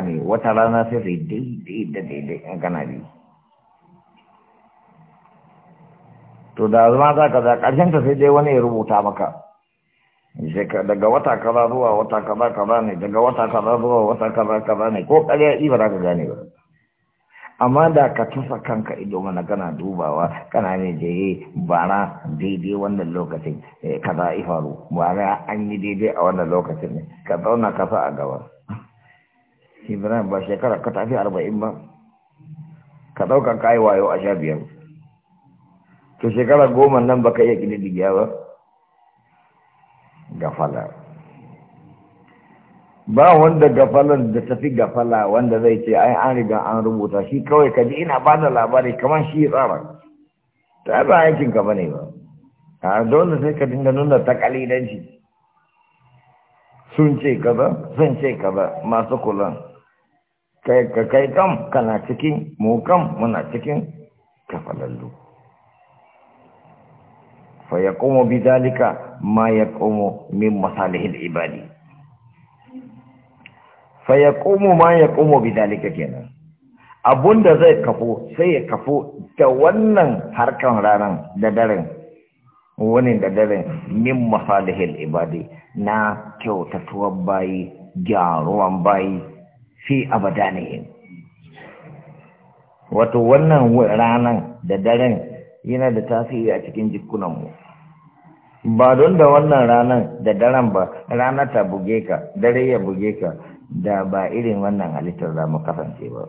ne wata rana sai daidai da daidai in gana biyu to da zama za ka za ƙarshen ta sai dai wani ya rubuta maka daga wata kaza zuwa wata kaza kaza ne daga wata kaza zuwa wata kaza kaza ne ko ƙarya ɗi ba za ka gane ba amma da ka tufa kanka ido mana kana dubawa kana ne da ya bara daidai wannan lokacin eh, kaza ifaru bara an yi daidai a wannan lokacin ne ka zauna ka sa a gaba ibrahim ba shekara ka tafi arba'in ba ka ɗaukar kayi wayo a sha biyar ke shekara goma nan baka iya kididdigiya ba gafala ba wanda gafalar da tafi gafala wanda zai ce ai an riga an rubuta shi kawai ka ji ina ba labari kamar shi tsara ta ba aikin ka ne ba a dole sai ka dinga nuna ta kalidanci sun ce kaza sun ce kaza masu kulan kai kam kana cikin mu kam muna cikin kafalallu fayakumu yaqumu ma yakumu min masalihil ibadi fayakumu ma yakumu bidhalika kenan abunda zai kafo sai ya kafo da wannan harkan ranan da daren wani da daren min masalihil ibadi na kyautatuwar bayi gyaruwan bayi fi abadanihim wato wannan ranan da daren yana da tasiri a cikin jikunanmu ba don da wannan ranar da daren ba ranar ta buge ka dare ya buge ka da ba irin wannan halittar za mu kasance ba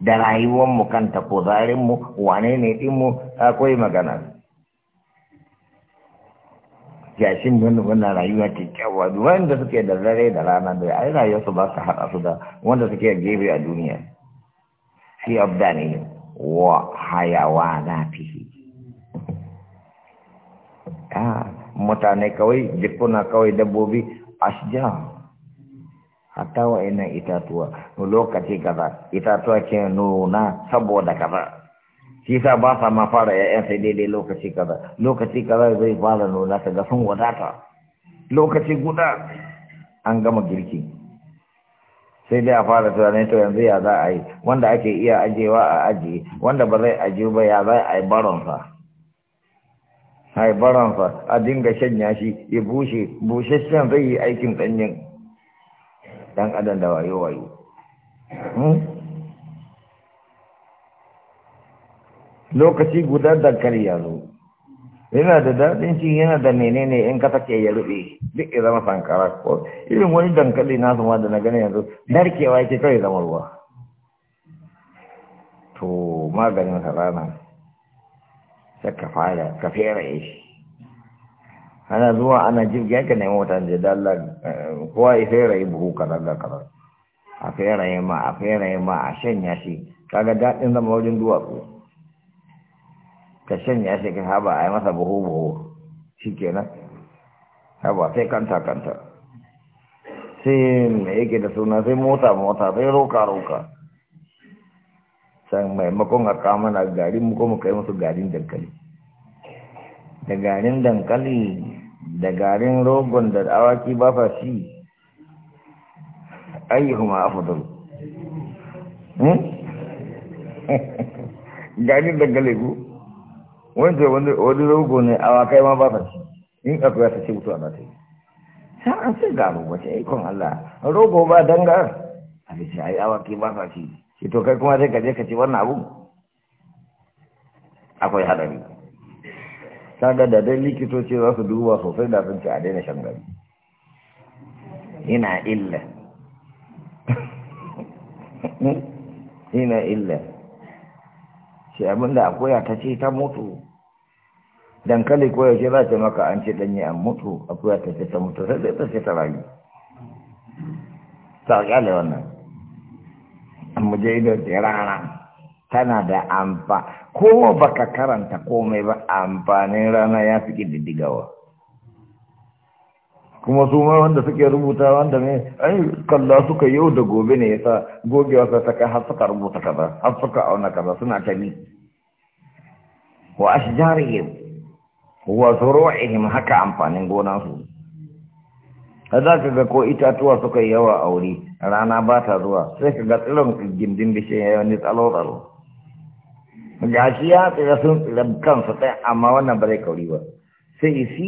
da rayuwanmu kanta ko zarinmu wane ne ɗinmu akwai magana yashin wani wannan rayuwa kyakkyawa wanda suke da dare da rana da rayuwa su ba su haɗa su da wanda suke gebe a duniya fi ne wa hayawa na mutane kawai jikuna kawai dabbobi asja hatta ina itatuwa lokaci kaza itatuwa ke nuna saboda kaza shi sa ba sa ma fara ‘ya'yan sai daidai lokaci kaza lokaci kaza zai fara nuna ta ga sun wadata lokaci guda an gama girki sai dai a fara tunanin to yanzu ya za a yi wanda ake iya ajewa a ajiye wanda ba zai ajiye ba ya za a yi baronsa fa a dinga shanya shi ya bushe bushashen zai yi aikin ɗanyen ɗan adam da wayo-wayo hmm? lokaci guda dankali ya zo yana da daɗin shi yana da menene in ka take ya rube duk ya zama sankara ko irin wani dankali na zama da na gani yanzu narkewa yake kawai zama ruwa to maganin harana sai ka fara ka fera shi ana zuwa ana jirgin yake nemi wata da dalla eh, kowa ya fera yi buhu karar da karar a fera yi ma a fera yi ma a shanya shi kaga daɗin zama wajen duwatsu ka shanya shi ka haba a yi masa buhu buhu shi kenan haba sai kanta kanta sai yake da suna sai mota mota sai roka roka san maimakon a kamana garin mu kuma kai musu garin dankali da garin dankali da garin rogon da awaki ba fa shi ayyuhuma afdal hmm [laughs] garin dankali ku wanda wanda wani rogo ne awakai ma ba fa shi in akwai ta ce mutu ana ta yi an sai garo wace ikon Allah rogo ba dangar a bisa ai awaki ba fa shi shi to kai kuma sai ka je ka ci wannan abu akwai hadari kaga da dai likitoci za su duba sosai da sun ci a daina shan gari ina illa [laughs] ina illa shi abinda akwai ta ce ta mutu dankali ko yaushe za ce maka an ce danye an mutu akwai ta ce ta mutu sai ta ce ta rayu ta ƙyale wannan mu je da rana tana da amfa ko baka karanta komai ba amfanin rana ya fi ƙididdigawa kuma su ma wanda suke rubuta wanda ne ai kalla suka yau da gobe ne yasa gogewa wasa ta kai har suka rubuta kaza har suka auna kaza suna ta ni wa ashjarihim wa zuru'ihim haka amfanin gonan su kaza ga ko itatuwa suka yawa a wuri rana ba ta zuwa sai ka ga tsiron gindin da shi ya wani tsalo-tsalo ga shi ya tsira sun tsira kansa ɗaya amma wannan ba kauri ba sai ce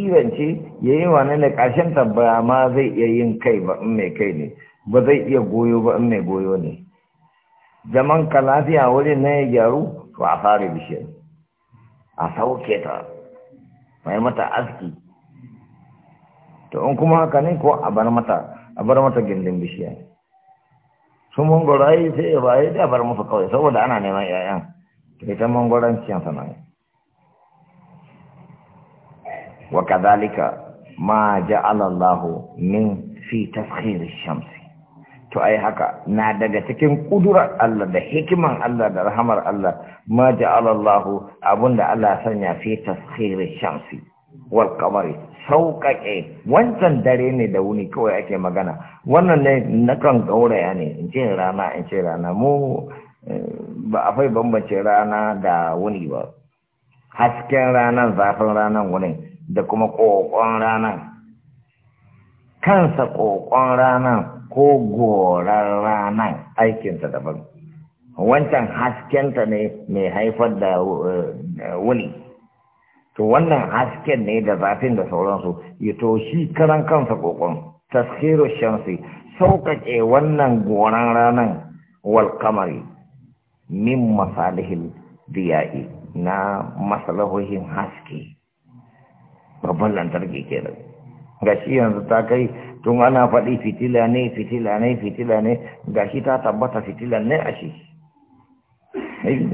ya yi wani ne ƙarshen tabbaya ma zai iya yin kai ba in mai kai ne ba zai iya goyo ba in mai goyo ne zaman ka lafiya wurin na ya gyaru to a fara bishiyar a sauke ta mai mata aski to in kuma haka ne ko a bar mata a bar mata gindin bishiyar su mangwarayi sai ya bayi da bar musu kawai saboda ana neman 'ya'yan ita mangwaranciyar sana ne wa kazalika ma ja'alallahu min fi tafkhir shamsi to ai haka na daga cikin kudurar Allah da hikiman Allah da rahamar Allah ma ja'alallahu abunda Allah sanya fi tafkhir shamsi wal qamari sauƙaƙe wancan dare ne da wuni kawai ake magana wannan ne na kan gauraya ne in ce rana in ce rana mu eh, ba a fai bambance rana da wuni ba hasken ranan zafin ranan wuni da kuma ƙoƙon ranan kansa ƙoƙon ranan ko goran ranan aikinsa daban wancan haskenta ne mai haifar da eh, wuni to wannan hasken ne da zafin da sauransu ya to shi karan kansa kokon taskiru shamsi sauƙaƙe wannan goran ranar wal kamari min masalihin diya'i na masalahohin haske babban lantarki kenan shi yanzu ta kai tun ana faɗi fitila ne fitila ne fitila ne shi ta tabbata fitila ne a shi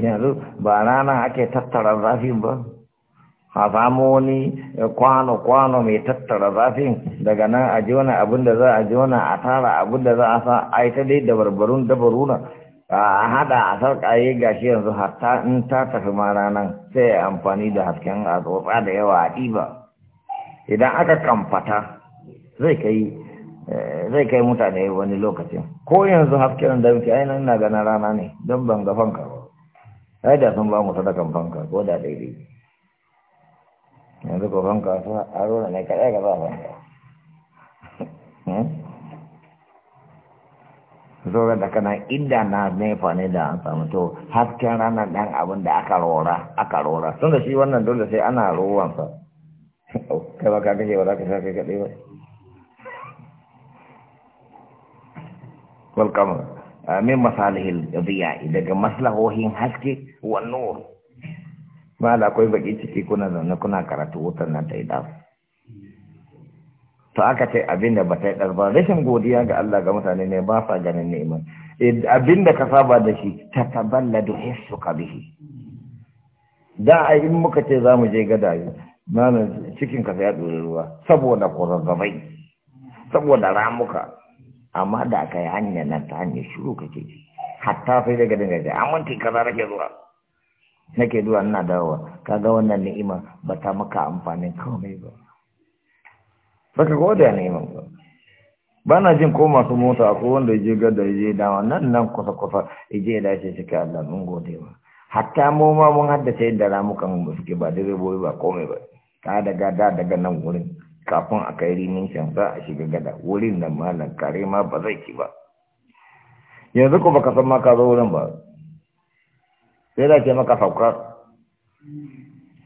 yanzu ba rana ake tattara zafin ba a wani eh, kwano-kwano mai tattara zafin daga nan a jona abin da za a jona a tara abin da za a sa a yi ta dai da barbarun dabaruna a hada a sarkaye gashi yanzu hatta in ta tafi ma ranar sai amfani da hasken a tsotsa da yawa a ɗiba idan aka kamfata zai kai eh, zai kai mutane wani lokacin ko yanzu hasken da muke ainihin na ganin rana ne don ban ga fanka ba ai da sun ba mu sadakan fanka ko da daidai yanzu gaban kasuwa a rona ne kaɗai hmm? ga zaɓen ka zoron da kana inda na nefa ne da an samu to hasken ranar ɗan abin da aka rora aka rora sun da shi wannan dole sai ana rowansa kai ba ka kashe ba za ka sha kai kaɗai ba walƙamar min masalihil biya daga maslahohin haske wa nur ba akwai baki ciki kuna zaune kuna karatu wutar nan ta yi ɗafu to aka ce abin da ba ta yi ɗarba rashin godiya ga Allah ga mutane ne ba sa ganin neman eh, abin da ka saba da shi ta taballa da suka ka bihi da a in muka ce za mu je gada yi nanan cikin ka ya ɗori ruwa saboda kurarrabai saboda ramuka amma da aka yi hanyar nan ta hanyar shiru kake hatta sai daga dangane da amince kaza rake zuwa nake duwa ina dawowa kaga wannan ni'ima ba ta maka amfanin komai ba baka gode da ni'iman ba ba na jin ko masu mota ko wanda ya je gada ya je dawa nan nan kusa kusa ya je ya dace shi Allah mun gode ba hatta mu ma mun haddace yadda ramukan mu suke ba direbobi ba komai ba ta daga da daga nan wurin kafin a kai rinin shan za a shiga gada wurin da malam kare ma ba zai ci ba yanzu ko baka san ma ka zo wurin ba sai da ke maka saukar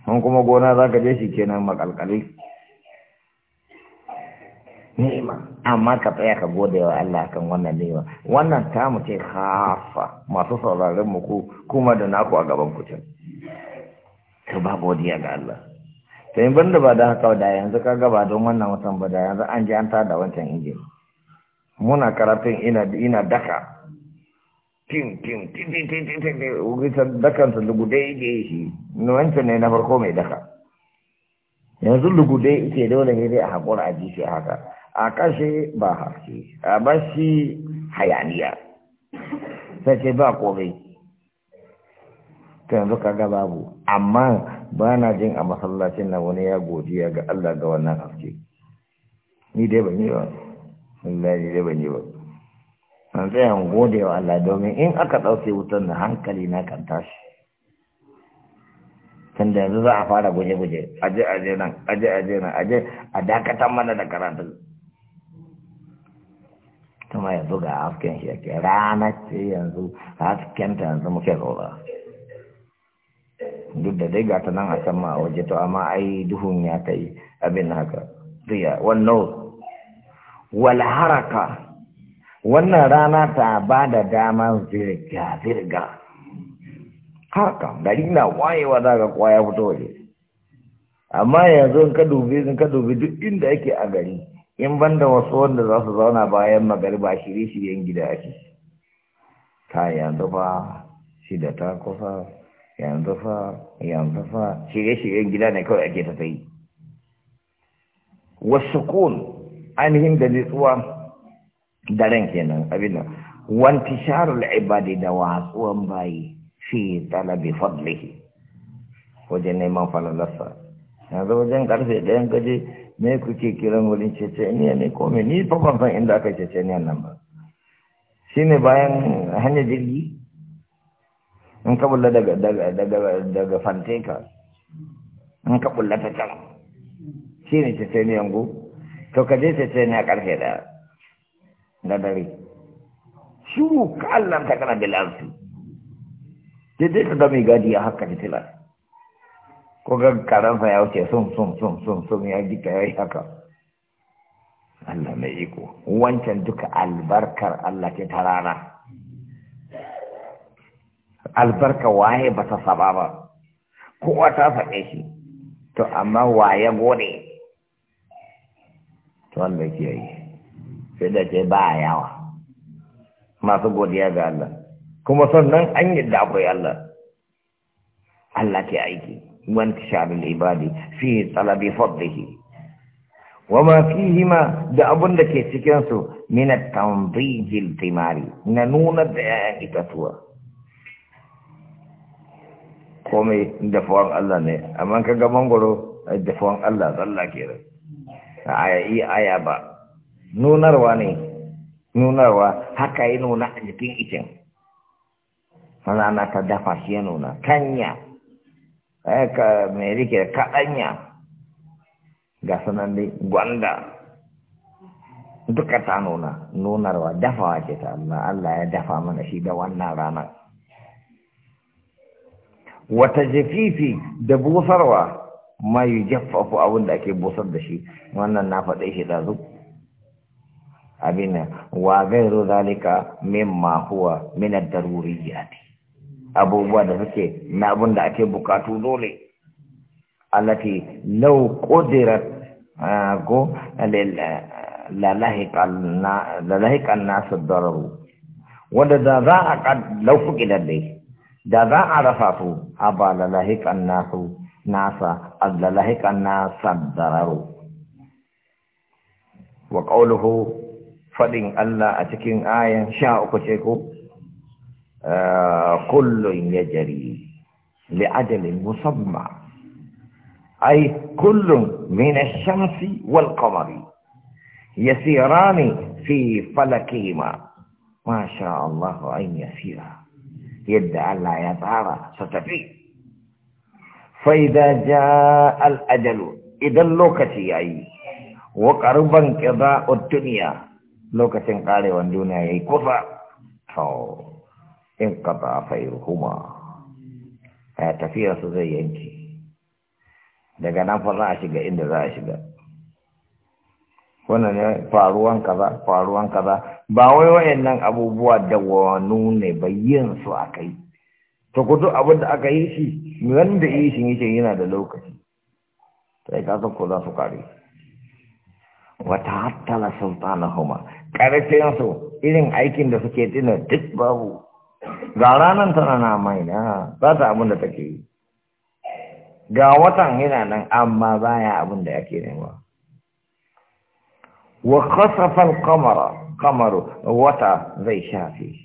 sun kuma gona za ka je shi nan makalkali nema amma ka tsaya ka gode wa Allah kan wannan nema wannan ta mu ce hafa masu sauraron mu ku kuma da naku a gaban kucin Ka ba godiya ga Allah sai ban da ba da haka da yanzu ka gaba don wannan watan ba da yanzu an ji an tada wancan injin muna karatun ina daka tin tin tin tin tin tin tin tin dakan sa lugudai da shi wancan ne na farko mai daka yanzu lugudai ke dole ne dai a haƙura a ji shi haka a kashe ba haske a ba shi hayaniya sai ce ba komai ta yanzu kaga babu amma ba na jin a masallacin na wani ya godiya ga Allah ga wannan haske ni dai ban yi ba Allah ni dai ban yi ba na tsaya gode wa Allah domin in aka ɗauke wutan da hankali na kan tashi tun da yanzu za a fara guje-guje aje aje nan aje aje nan aje a dakatar mana da karatu kuma yanzu ga hasken shi yake ranar ce yanzu hasken ta yanzu muke zaura duk da dai gata nan a can ma a waje to amma ai duhun ya kai abin haka duya wannan wal haraka wannan rana ta ba da dama zirga-zirga haka gari na wayewa za ga kwaya fito waje amma yanzu ka dubi in ka dubi duk inda ake a gari in banda wasu wanda za su zauna bayan magariba shirye-shiryen gida ake ta yanzu fa da ta kusa yanzu fa yanzu fa shirye-shiryen gida ne kawai ake ta ta wasu kun ainihin da nitsuwa daren kenan abin wan wanti ibadi da watsuwan bayi fi talabi fadlihi wajen neman falalarsa yanzu wajen karfe ɗayan gaje me kuke kiran wurin ceceniya ne ko me ni fa ban san inda aka ceceniya nan ba ne bayan hanyar jirgi in ka bulla daga daga daga fanteka in ka bulla ta can shine ceceniyan go to ka je ceceniya karfe ɗaya na dare Su! ka Allah ta kana da lafi daidai ta zama gadi a haka ta tilas ko ga karansa ya wuce sun sun sun sun sun ya gita ya yi haka Allah mai iko wancan duka albarkar Allah ke ta rana albarka waye ba ta saba ba kowa ta faɗe shi to amma waye gode to Allah yi. sai da ce ba yawa masu godiya ga Allah kuma sannan an yi da akwai Allah Allah ke aiki wanti sha'arun ibadi fi tsalabi fadlihi wa ma fihi ma da abunda ke cikin su mina tambijil timari na nuna da yayan itatuwa komai dafuwan Allah ne amma ka ga mangoro dafuwan Allah zalla ke rai a aya ba nunarwa ne nunarwa haka ya nuna a jikin itin rana ta dafa shi ya nuna kanya eh, ka mai rike kaɗanya ga sananne gwanda duka ta nuna nunarwa dafawa ce ta Allah Allah ya dafa mana shi da wannan rana wata jafifi da busarwa ma yi jaffafu abin ake busar da shi wannan na faɗe shi ɗazu أبينا وغير ذلك مما هو من الضروريات أبو ذلك ما أبونا أكي بكاتو دولي التي لو قدرت أقو آه، للاهيك للاهيك الناس الضرر وذا ذا قد لو فقد لي ذا عرفت أبا للاهيك الناس ناسا للاهيك الناس الضرر وقوله fadin Allah a cikin ayan sha uku ce ko kullun ya jari li'ajalin musamma ai kullun min ash-shamsi wal qamari yasirani fi falakima ma sha Allah ayin yasira yadda Allah ya tsara su tafi fa idza jaa al-ajalu idan lokaci yayi wa qarban qida'ud dunya lokacin karewan duniya ya yi kusa. to in kafa fairu kuma a eh, tafiya su zai yanki daga nan fa za a shiga inda za a shiga wannan ne faruwan kaza faruwan kaza ba wai wayannan abubuwa da wanu ne bayyan su kai. to kudu abin da aka yi shi wanda yi shi yake yana da lokaci sai ka ko za su kare wata hattala sultanahuma su irin aikin da suke dina duk babu ga ranar tana na mai na ba ta abin da take yi ga watan yana nan amma baya abin da yake nema wa kasafar qamara qamaru wata zai shafi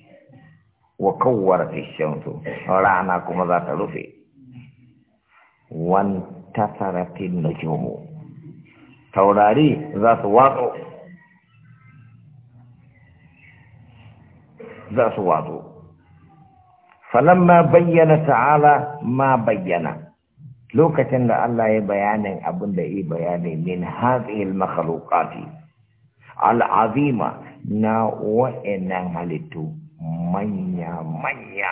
wa kawwara shamsu rana kuma za ta rufe wan tasaratin nujumu taurari za su watsa za su wazo falamma bayyana ta'ala ma bayyana lokacin da Allah ya bayanin abin da yi bayani min hazihil makhluqati al'azima na wa'annan halittu manya manya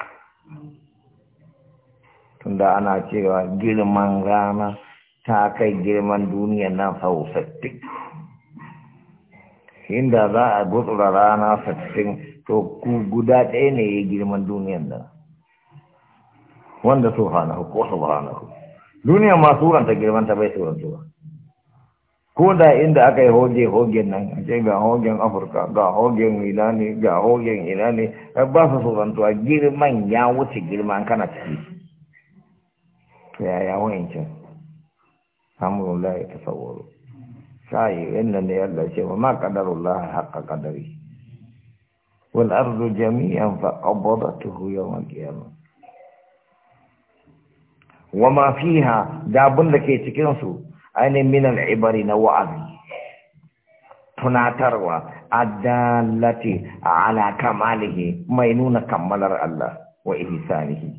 tunda ana cewa girman rana ta kai girman duniya na sau inda za a gutsura rana 60 to ku guda ɗaya ne ya girman duniyan nan wanda subhanahu ko subhanahu duniya ma suranta girman ta bai surantu ba ko da inda aka yi hoge hogen nan ce ga hogen afirka ga hogen ne ga hogen ilani ne ba su surantuwa girman ya wuce girman kana ciki to yaya wayancin amurullahi tasawwuru sai wannan ne yadda ce wa ma qadarullah haka kadari. wal ardu jami'an fa qabadatuhu yawma qiyamah wama fiha dabun da ke cikin su aine min al ibari na wa'azi tunatarwa addallati ala kamalihi mai nuna kammalar Allah wa ihsanihi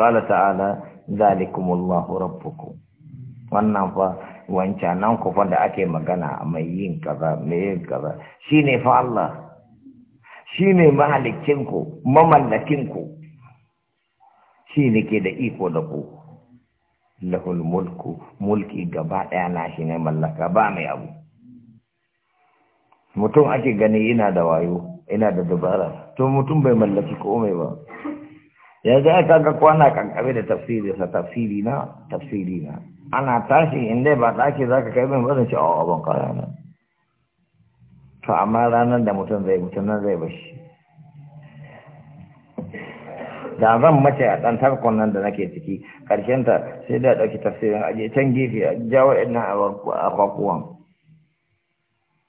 qala ta'ala zalikum allahu rabbukum wannan fa wancan nan ku fa da ake magana mai yin kaza mai yin kaza shine fa Allah shi ne mahalikinku mamallakinku shi ne ke da iko da ku lahul mulku mulki gaba ɗaya na shi ne mallaka ba mai abu mutum ake gani ina da wayo ina da dabara to mutum bai mallaki komai ba ya ga ka ga kwana kankare da tafsiri sa tafsiri na tafsiri na ana tashi inda ba tashi zaka kai min bazan ci a ban kaya to amma ranar da mutum zai mutum nan zai bashi da zan mace a ɗan tarkon nan da nake ciki ƙarshen ta sai da ɗauki tafsirin A can gefe a jawo ina a kwakuwan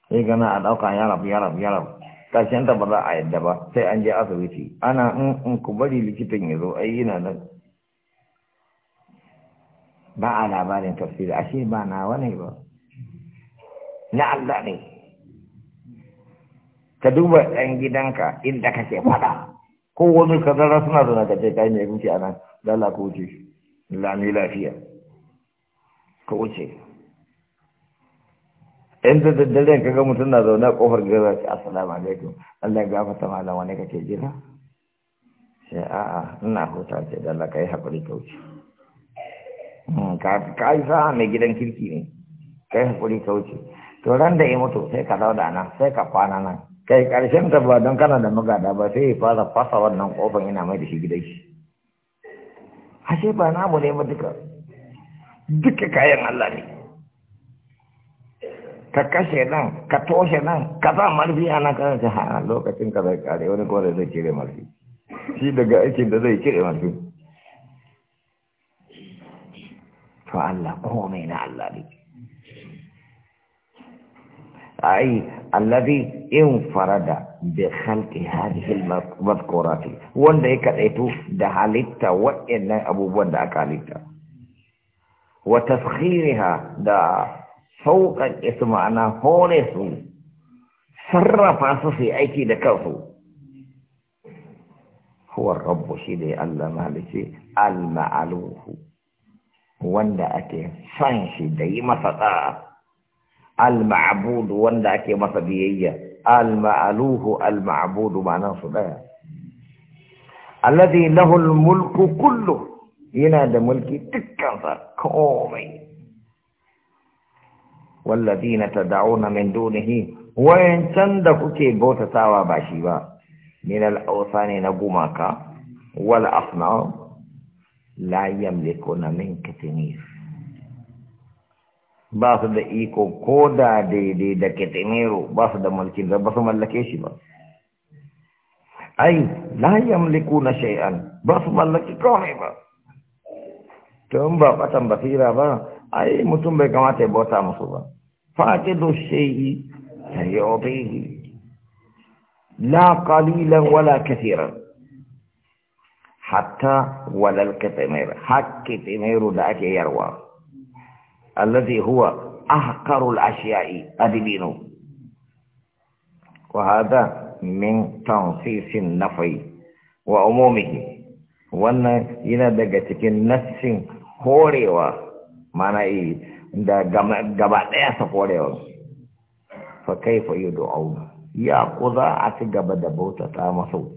sai gana a ɗauka yarab yarab yarab ƙarshen ta ba za a yadda ba sai an je asibiti ana in mm, mm, ku bari likitan ya zo ai yana nan ba a labarin tafsiri ashe ba na wani ba na Allah ne ka duba ɗan gidanka inda kake fada ko wani zara suna zana ka ce kai mai kuke a nan lala ko wuce lami lafiya ka wuce in da daddare ka ga mutum na zaune a kofar gaza ce assalamu alaikum Allah ya gafarta malam wani kake jira sai a'a ina huta ce da Allah kai hakuri ka wuce hmm, ka yi sa'a mai gidan kirki ne kai hakuri ka wuce to ran da ya mutu sai ka zauna nan sai ka kwana nan kai karshen ta ba don kana da magada ba sai ya fara fasa wannan kofan ina mai da shi gidai shi ashe ba namu ne ba duka duka kayan Allah ne ka kashe nan ka toshe nan ka sa marfi ana kan ta ha lokacin ka zai kare wani kawai zai cire marfi shi daga aikin da zai cire marfi to Allah komai na Allah ne أي الذي انفرد بخلق هذه المذكورات وان ده حالتا دهالت وان ابو ده اكالت وتسخيرها ده فوق الاسم انا هونس صرف اساسي ده دكفو هو الرب شدي الله مالكي المعلوه وان ده اكي فانشي ده مسطاعه المعبود وندا كي ما تبيهيا المألوه المعبود معنا صدايا الذي له الملك كله هنا ده ملك تكاثر كومي والذين تدعون من دونه وين تندك كي بوتا تاوى باشيبا من الأوثان نقومك والأصنام لا يملكون منك تنير باس دا ایکو کودا دی دی دا کتنیرو باس دا ملکی دا باس ملکیشی باس ای لا یملکون شیئن باس ملکی کامی باس تم با پتن بطیرا با ای مطم بے بوتا مصوبا فاتد الشیئی سیعطیه لا قلیلا ولا کثیرا حتى ولا الكتمير حق كتمير لا يرواه الذي هو أحقر الأشياء أدبينه وهذا من تنصيص النفي وعمومه wannan yana daga cikin nassin horewa mana da gaba ɗaya sa horewa fa kaifa yud'u ya za a ci gaba da bautata masu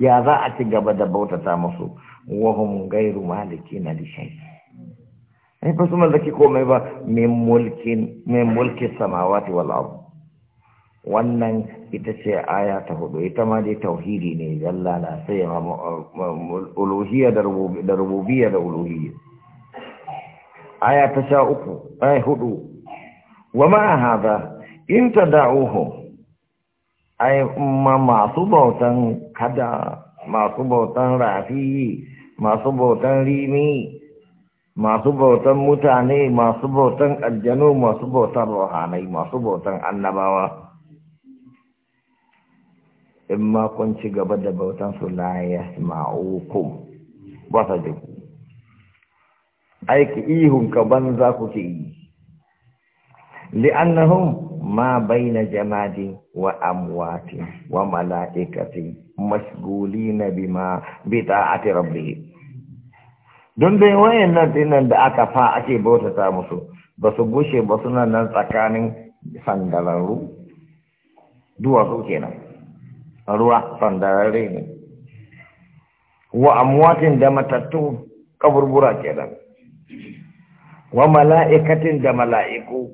ya za a ci gaba da bautata masu wahum gairu maliki na lishai in fa su mallaki komai ba min mulkin min mulkin samawati wal wannan ita ce aya ta hudu ita ma dai tauhidi ne yalla na sai ma uluhiyya da rububiyya da uluhiyya aya ta sha uku ai hudu wa ma hada in tada'uhu ai ma masu bautan kada masu bautan rafi masu bautan rimi masu bautan mutane masu bautan aljanu masu bautan rohanai masu bautan annabawa in ma kun ci gaba da bautan su la yasma'ukum ba sa jiku aiki ihun ka ban ku ke yi li'annahum ma bai na jamadi wa amwati wa mala'ikati mashghulina bima bi ta'ati rabbihim don dai wayan nan dinnan da aka fa ake bautata musu ba su bushe ba suna nan tsakanin sandararru duwatsu kenan ruwa sandararre ne wa amwatin da matattu kaburbura kenan wa mala'ikatin da mala'iku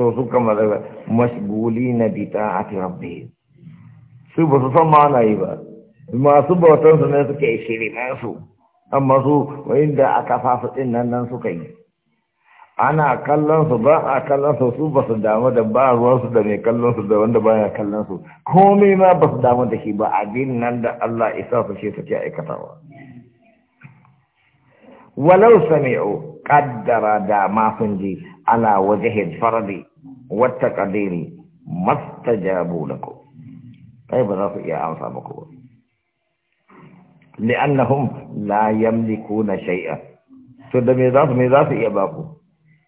to su kama da mashguli na bita a tirabbe su ba su san ma'ana yi ba masu bautansu ne suke su amma su inda aka fafi ɗin nan nan suka yi ana kallon su ba a kallon su su ba su damu da ba ruwan su da mai kallon su da wanda baya kallon su komai ma ba su damu da shi ba abin nan da Allah isa su ce suke aikatawa walau sami'u qaddara da ma sun ji ala wajhi faradi wa taqdiri mastajabu lakum kai ba za su iya amsa muku ba li'annahum la yamlikuna shay'a to da me za su me za su iya baku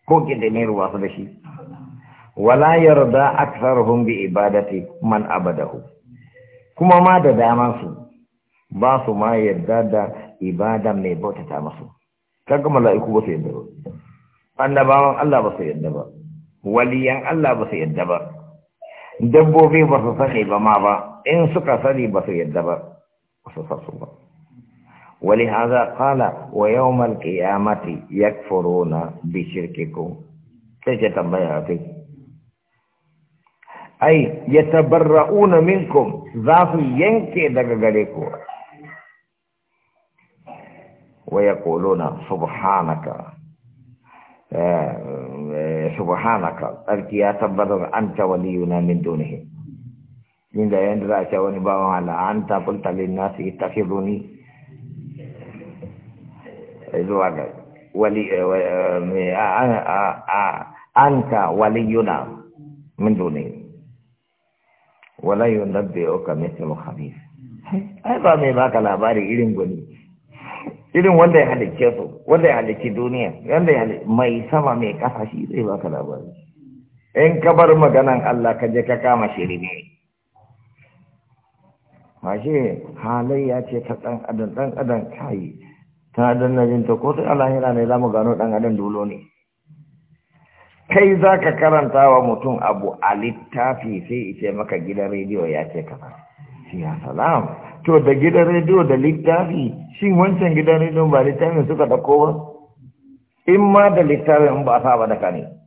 ko da kidane ruwa su da shi wala yarda aktharuhum bi ibadati man abadahu kuma ma da dama su ba su ma yarda da ibada mai ta masu kaga mala'iku ba su yarda ba annabawan Allah ba su yarda ba waliyan Allah ba su yarda ba dabbobi ba su sani ba ma ba in suka sani ba su yarda ba ba su sasu ba ولهذا قال ويوم القيامة يكفرون بشرككم تجتبياتي أي يتبرؤون منكم ذات ينكي دقاليكو ويقولون سبحانك آه، آه، سبحانك أركيا تبرر أنت ولينا من دونه من ذا يندرى شواني على أنت قلت للناس اتخذوني zuwa ga wali eh, eh, eh, ah, ah, ah, anta waliyuna min duni wala yunabbi'uka mithlu khabir ai ba mai baka labari irin gwani irin wanda ya halicce su wanda ya halicci duniya wanda ya mai sama mai kasa shi zai baka labari in ka bar maganan Allah ka je ka kama shirme ba shi halayya ce ta dan adam dan adam kai ta danna jin ta ko sai lahira ne za mu gano dan adam dulo ne kai za ka karanta wa mutum abu a littafi sai ice maka gidan rediyo ya ce kaza siya salam to da gidan rediyo da littafi shi wancan gidan rediyo ba littafin suka ɗauko ba in ma da littafin ba a ba da kane.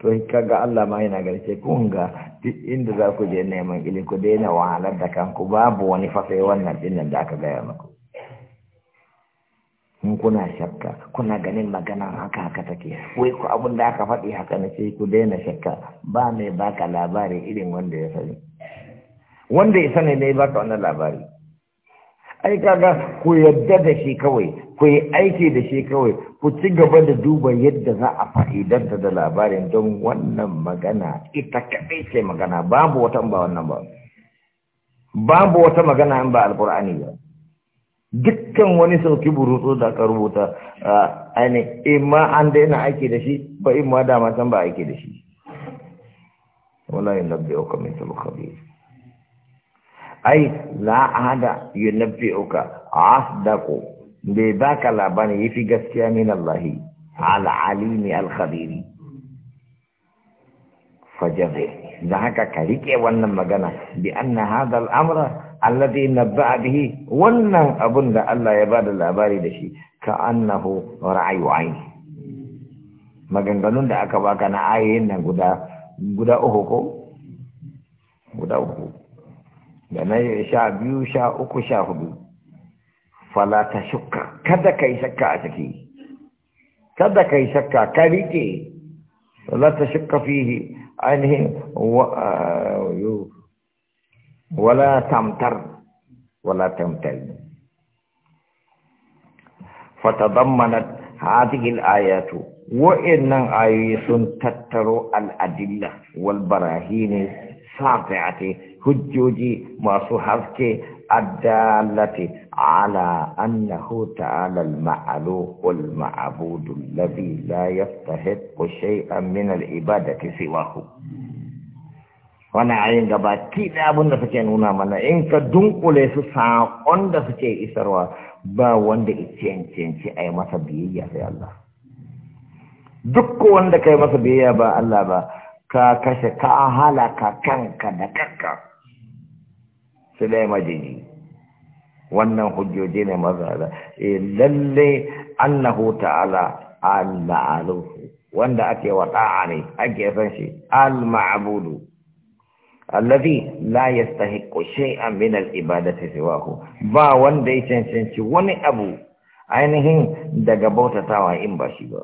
to kaga Allah ma yana garke ku ga duk inda za ku je neman ilimi ku daina wahalar da kanku babu wani fasai wannan dinnan da aka gaya muku in kuna shakka kuna ganin magana haka haka take wai ku abin da aka faɗi haka na ce ku daina shakka ba mai baka labari irin wanda ya sani wanda ya sani ne baka wannan labari ai kaga ku yadda da shi kawai ku yi aiki da shi kawai ku ci gaba da duba yadda za a fa'idanta da labarin don wannan magana ita kaɗai ce magana babu wata ba wannan ba babu wata magana in ba alkur'ani ba dukkan wani sauki burutsu da aka rubuta ne imma an daina aiki da shi ba imma dama can ba aiki da shi wala yunabbi'uka mithlu khabir ai la ahada yunabbi'uka asdaqu bai baka labari ya fi gaskiya min Allahi al'alimi al-khabiri fajabe da haka ka rike wannan magana bi anna hadha al-amra alladhi nabba'a bihi wannan abun da Allah ya bada labari da shi ka annahu ra'ayu aini maganganun da aka baka na ayoyin nan guda guda uku ko guda uku da na sha biyu sha uku sha hudu فلا تشك كذا كي شكا شكي كذا كي شكا كريكي فلا تشك فيه عنه آه، ولا تمتر ولا تمتر فتضمنت هذه الآيات وإن آيات تتر الأدلة والبراهين ساطعة هجوجي ما سحرك الدالة على أنه تعالى المعلوق المعبود الذي لا يستحق شيئا من العبادة سواه wannan ayin gaba ki da abin da suke nuna mana in ka dunkule su saƙon da suke isarwa ba wanda icencenci a yi masa biyayya sai Allah duk wanda ka yi masa biyayya ba Allah ba ka kashe ka halaka kanka da kanka su laima jini wannan hujjoji ne maza eh, lalle annahu ta'ala al-ma'alufu wanda ake wa ta'a ne ake san shi al-ma'budu alladhi la yastahiqqu shay'an min al-ibadati siwahu ba wanda ya cancanci wani abu ainihin daga bautatawa in ba shi ba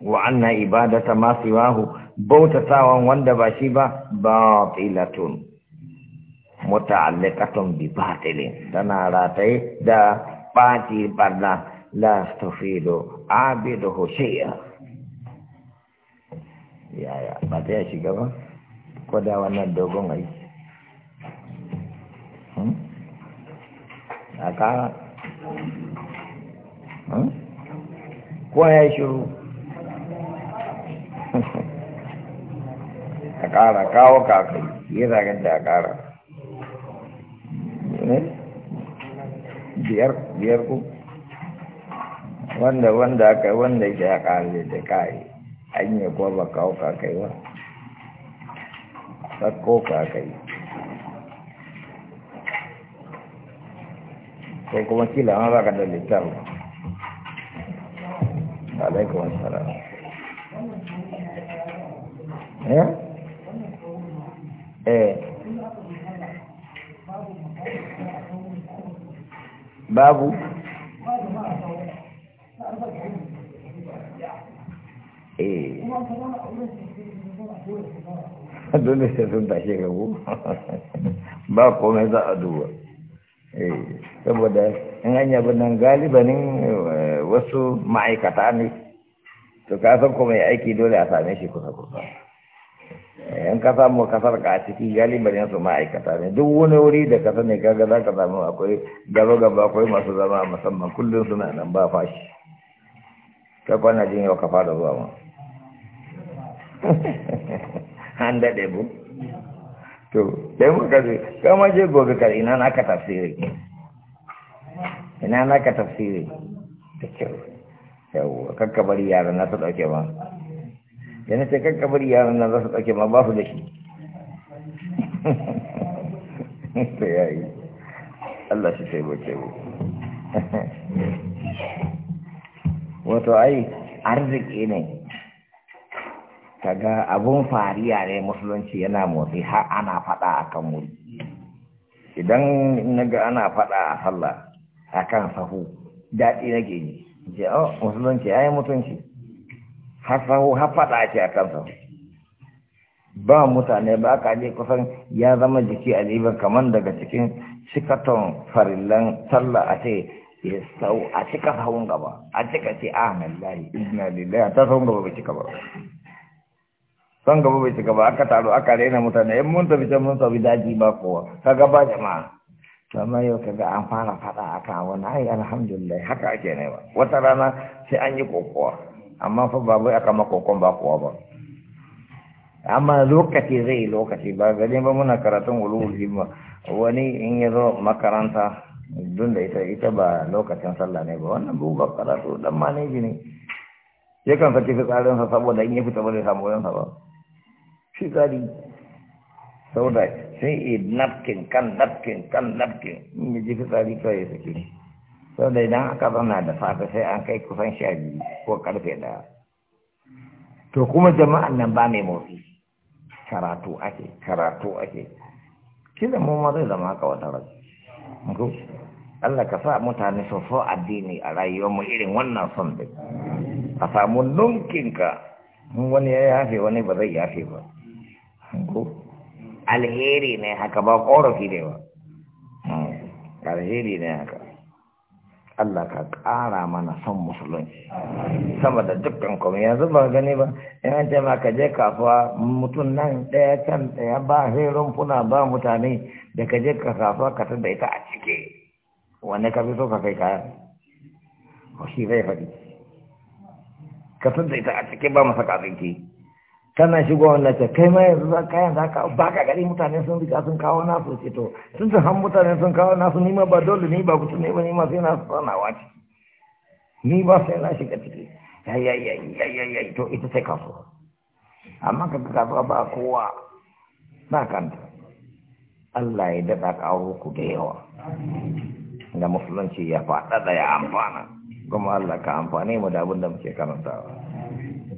wa anna ibadata ma siwahu bautatawan wanda ba shi ba batilatun muta'alliqatun bi batilin tana rataye da bati barna la tufidu abiduhu shay'a ya ya ba ta ya shiga ba ko da wannan dogon ai a kara ko ya shiru a kara kawo kakai yi zagen da a kara biyar biyar ku wanda wanda aka wanda yake ya kare da kai an yi kuwa ba kawo ka kai ba sakko ka kai ko kuma kila ma ba ka da littafi alaikum assalam eh eh babu eh [laughs] dole sai sun tashe gabu [laughs] ba komai za a duba eh, saboda in an yabi nan galibanin eh, wasu ma'aikata ne to ka san kuma ya aiki dole a same shi kusa kusa ka samu kasar ka a ciki galibin su ma'aikata ne duk wani wuri da kasa ne kaga za ka samu akwai gaba gaba akwai masu zama musamman kullum suna nan ba fashi ta kwana jin yau ka fara zuwa ma [laughs] an daɗe bu to dai muka ce kama je gobe ka ina na ka tafsiri ina na ka tafsiri da kyau yau kakka bari yara na su ɗauke ba yana ce kan kabar yaran nan za su ɗauke ma ba su da shi ta yayi Allah shi sai bace bu wato ai arziki ne kaga abun fariya ne musulunci yana motsi har ana faɗa a kan wuri idan naga ana faɗa a sallah a kan sahu daɗi nake ji ce oh, musulunci ya yi mutunci hasahu hafata ake a kansa ba mutane ba aka je kusan ya zama jiki a liban kamar daga cikin cikaton farillan sallah a ce ya sau a cika sahun gaba a cika ce amin ah, lahi izina lillahi ta sahun gaba bai cika ba son gaba bai cika ba aka taro aka raina mutane yan mun tafi can mun tafi, daji ba kowa kaga ba jama'a amma yau kaga an fara fada aka wani ai alhamdulillah haka ake nema wata rana sai an yi kokowa amma fa babu ya kama kokon ba kuwa ba amma lokaci zai lokaci ba gani ba muna karatun ulul himma wani in ya zo makaranta don da ita ita ba lokacin sallah ne ba wannan buga karatu dan maneji ne ya kan saki tsarin sa saboda in ya fita ba zai samu wayan sa ba shi tsari saboda sai i napkin kan napkin kan napkin in ya ji tsari kawai ya saki sau da idan aka zauna da fata sai an kai kusan sha biyu ko karfe ɗaya to kuma jama'an nan ba mai motsi karatu ake karatu ake kila mu ma zai zama haka wata rai Allah ka sa mutane su so addini a rayuwar mu irin wannan son da a samu nunkinka wani ya yafe wani ba zai yafe ba alheri ne haka ba korafi ne ba hmm. alheri ne haka Allah ka ƙara mana son musulunci sama da dukkan kuma yanzu ba gani ba yan ce ma ka je kasuwa mutum nan ɗaya can ɗaya ba herin funa ba mutane da ka je kasuwa ka da ita a cike wanne ka fi so ka kai kaya ko shi zai faɗi ka da ita a cike ba masa kazinki kana shigo wannan ta kai ma yanzu za yi za ka ba ka gari mutane sun riga sun kawo nasu ce to sun da han mutane sun kawo nasu ni ma ba dole ni ba kusa ne ba ni ma sai na sanawa ce ni ba sai na shiga ciki yayayayayayi to ita sai kasuwa amma ka ga kasuwa ba kowa ba kanta Allah ya daɗa ƙaro ku da yawa da musulunci ya faɗaɗa ya amfana kuma Allah ka amfane mu da abin da muke karantawa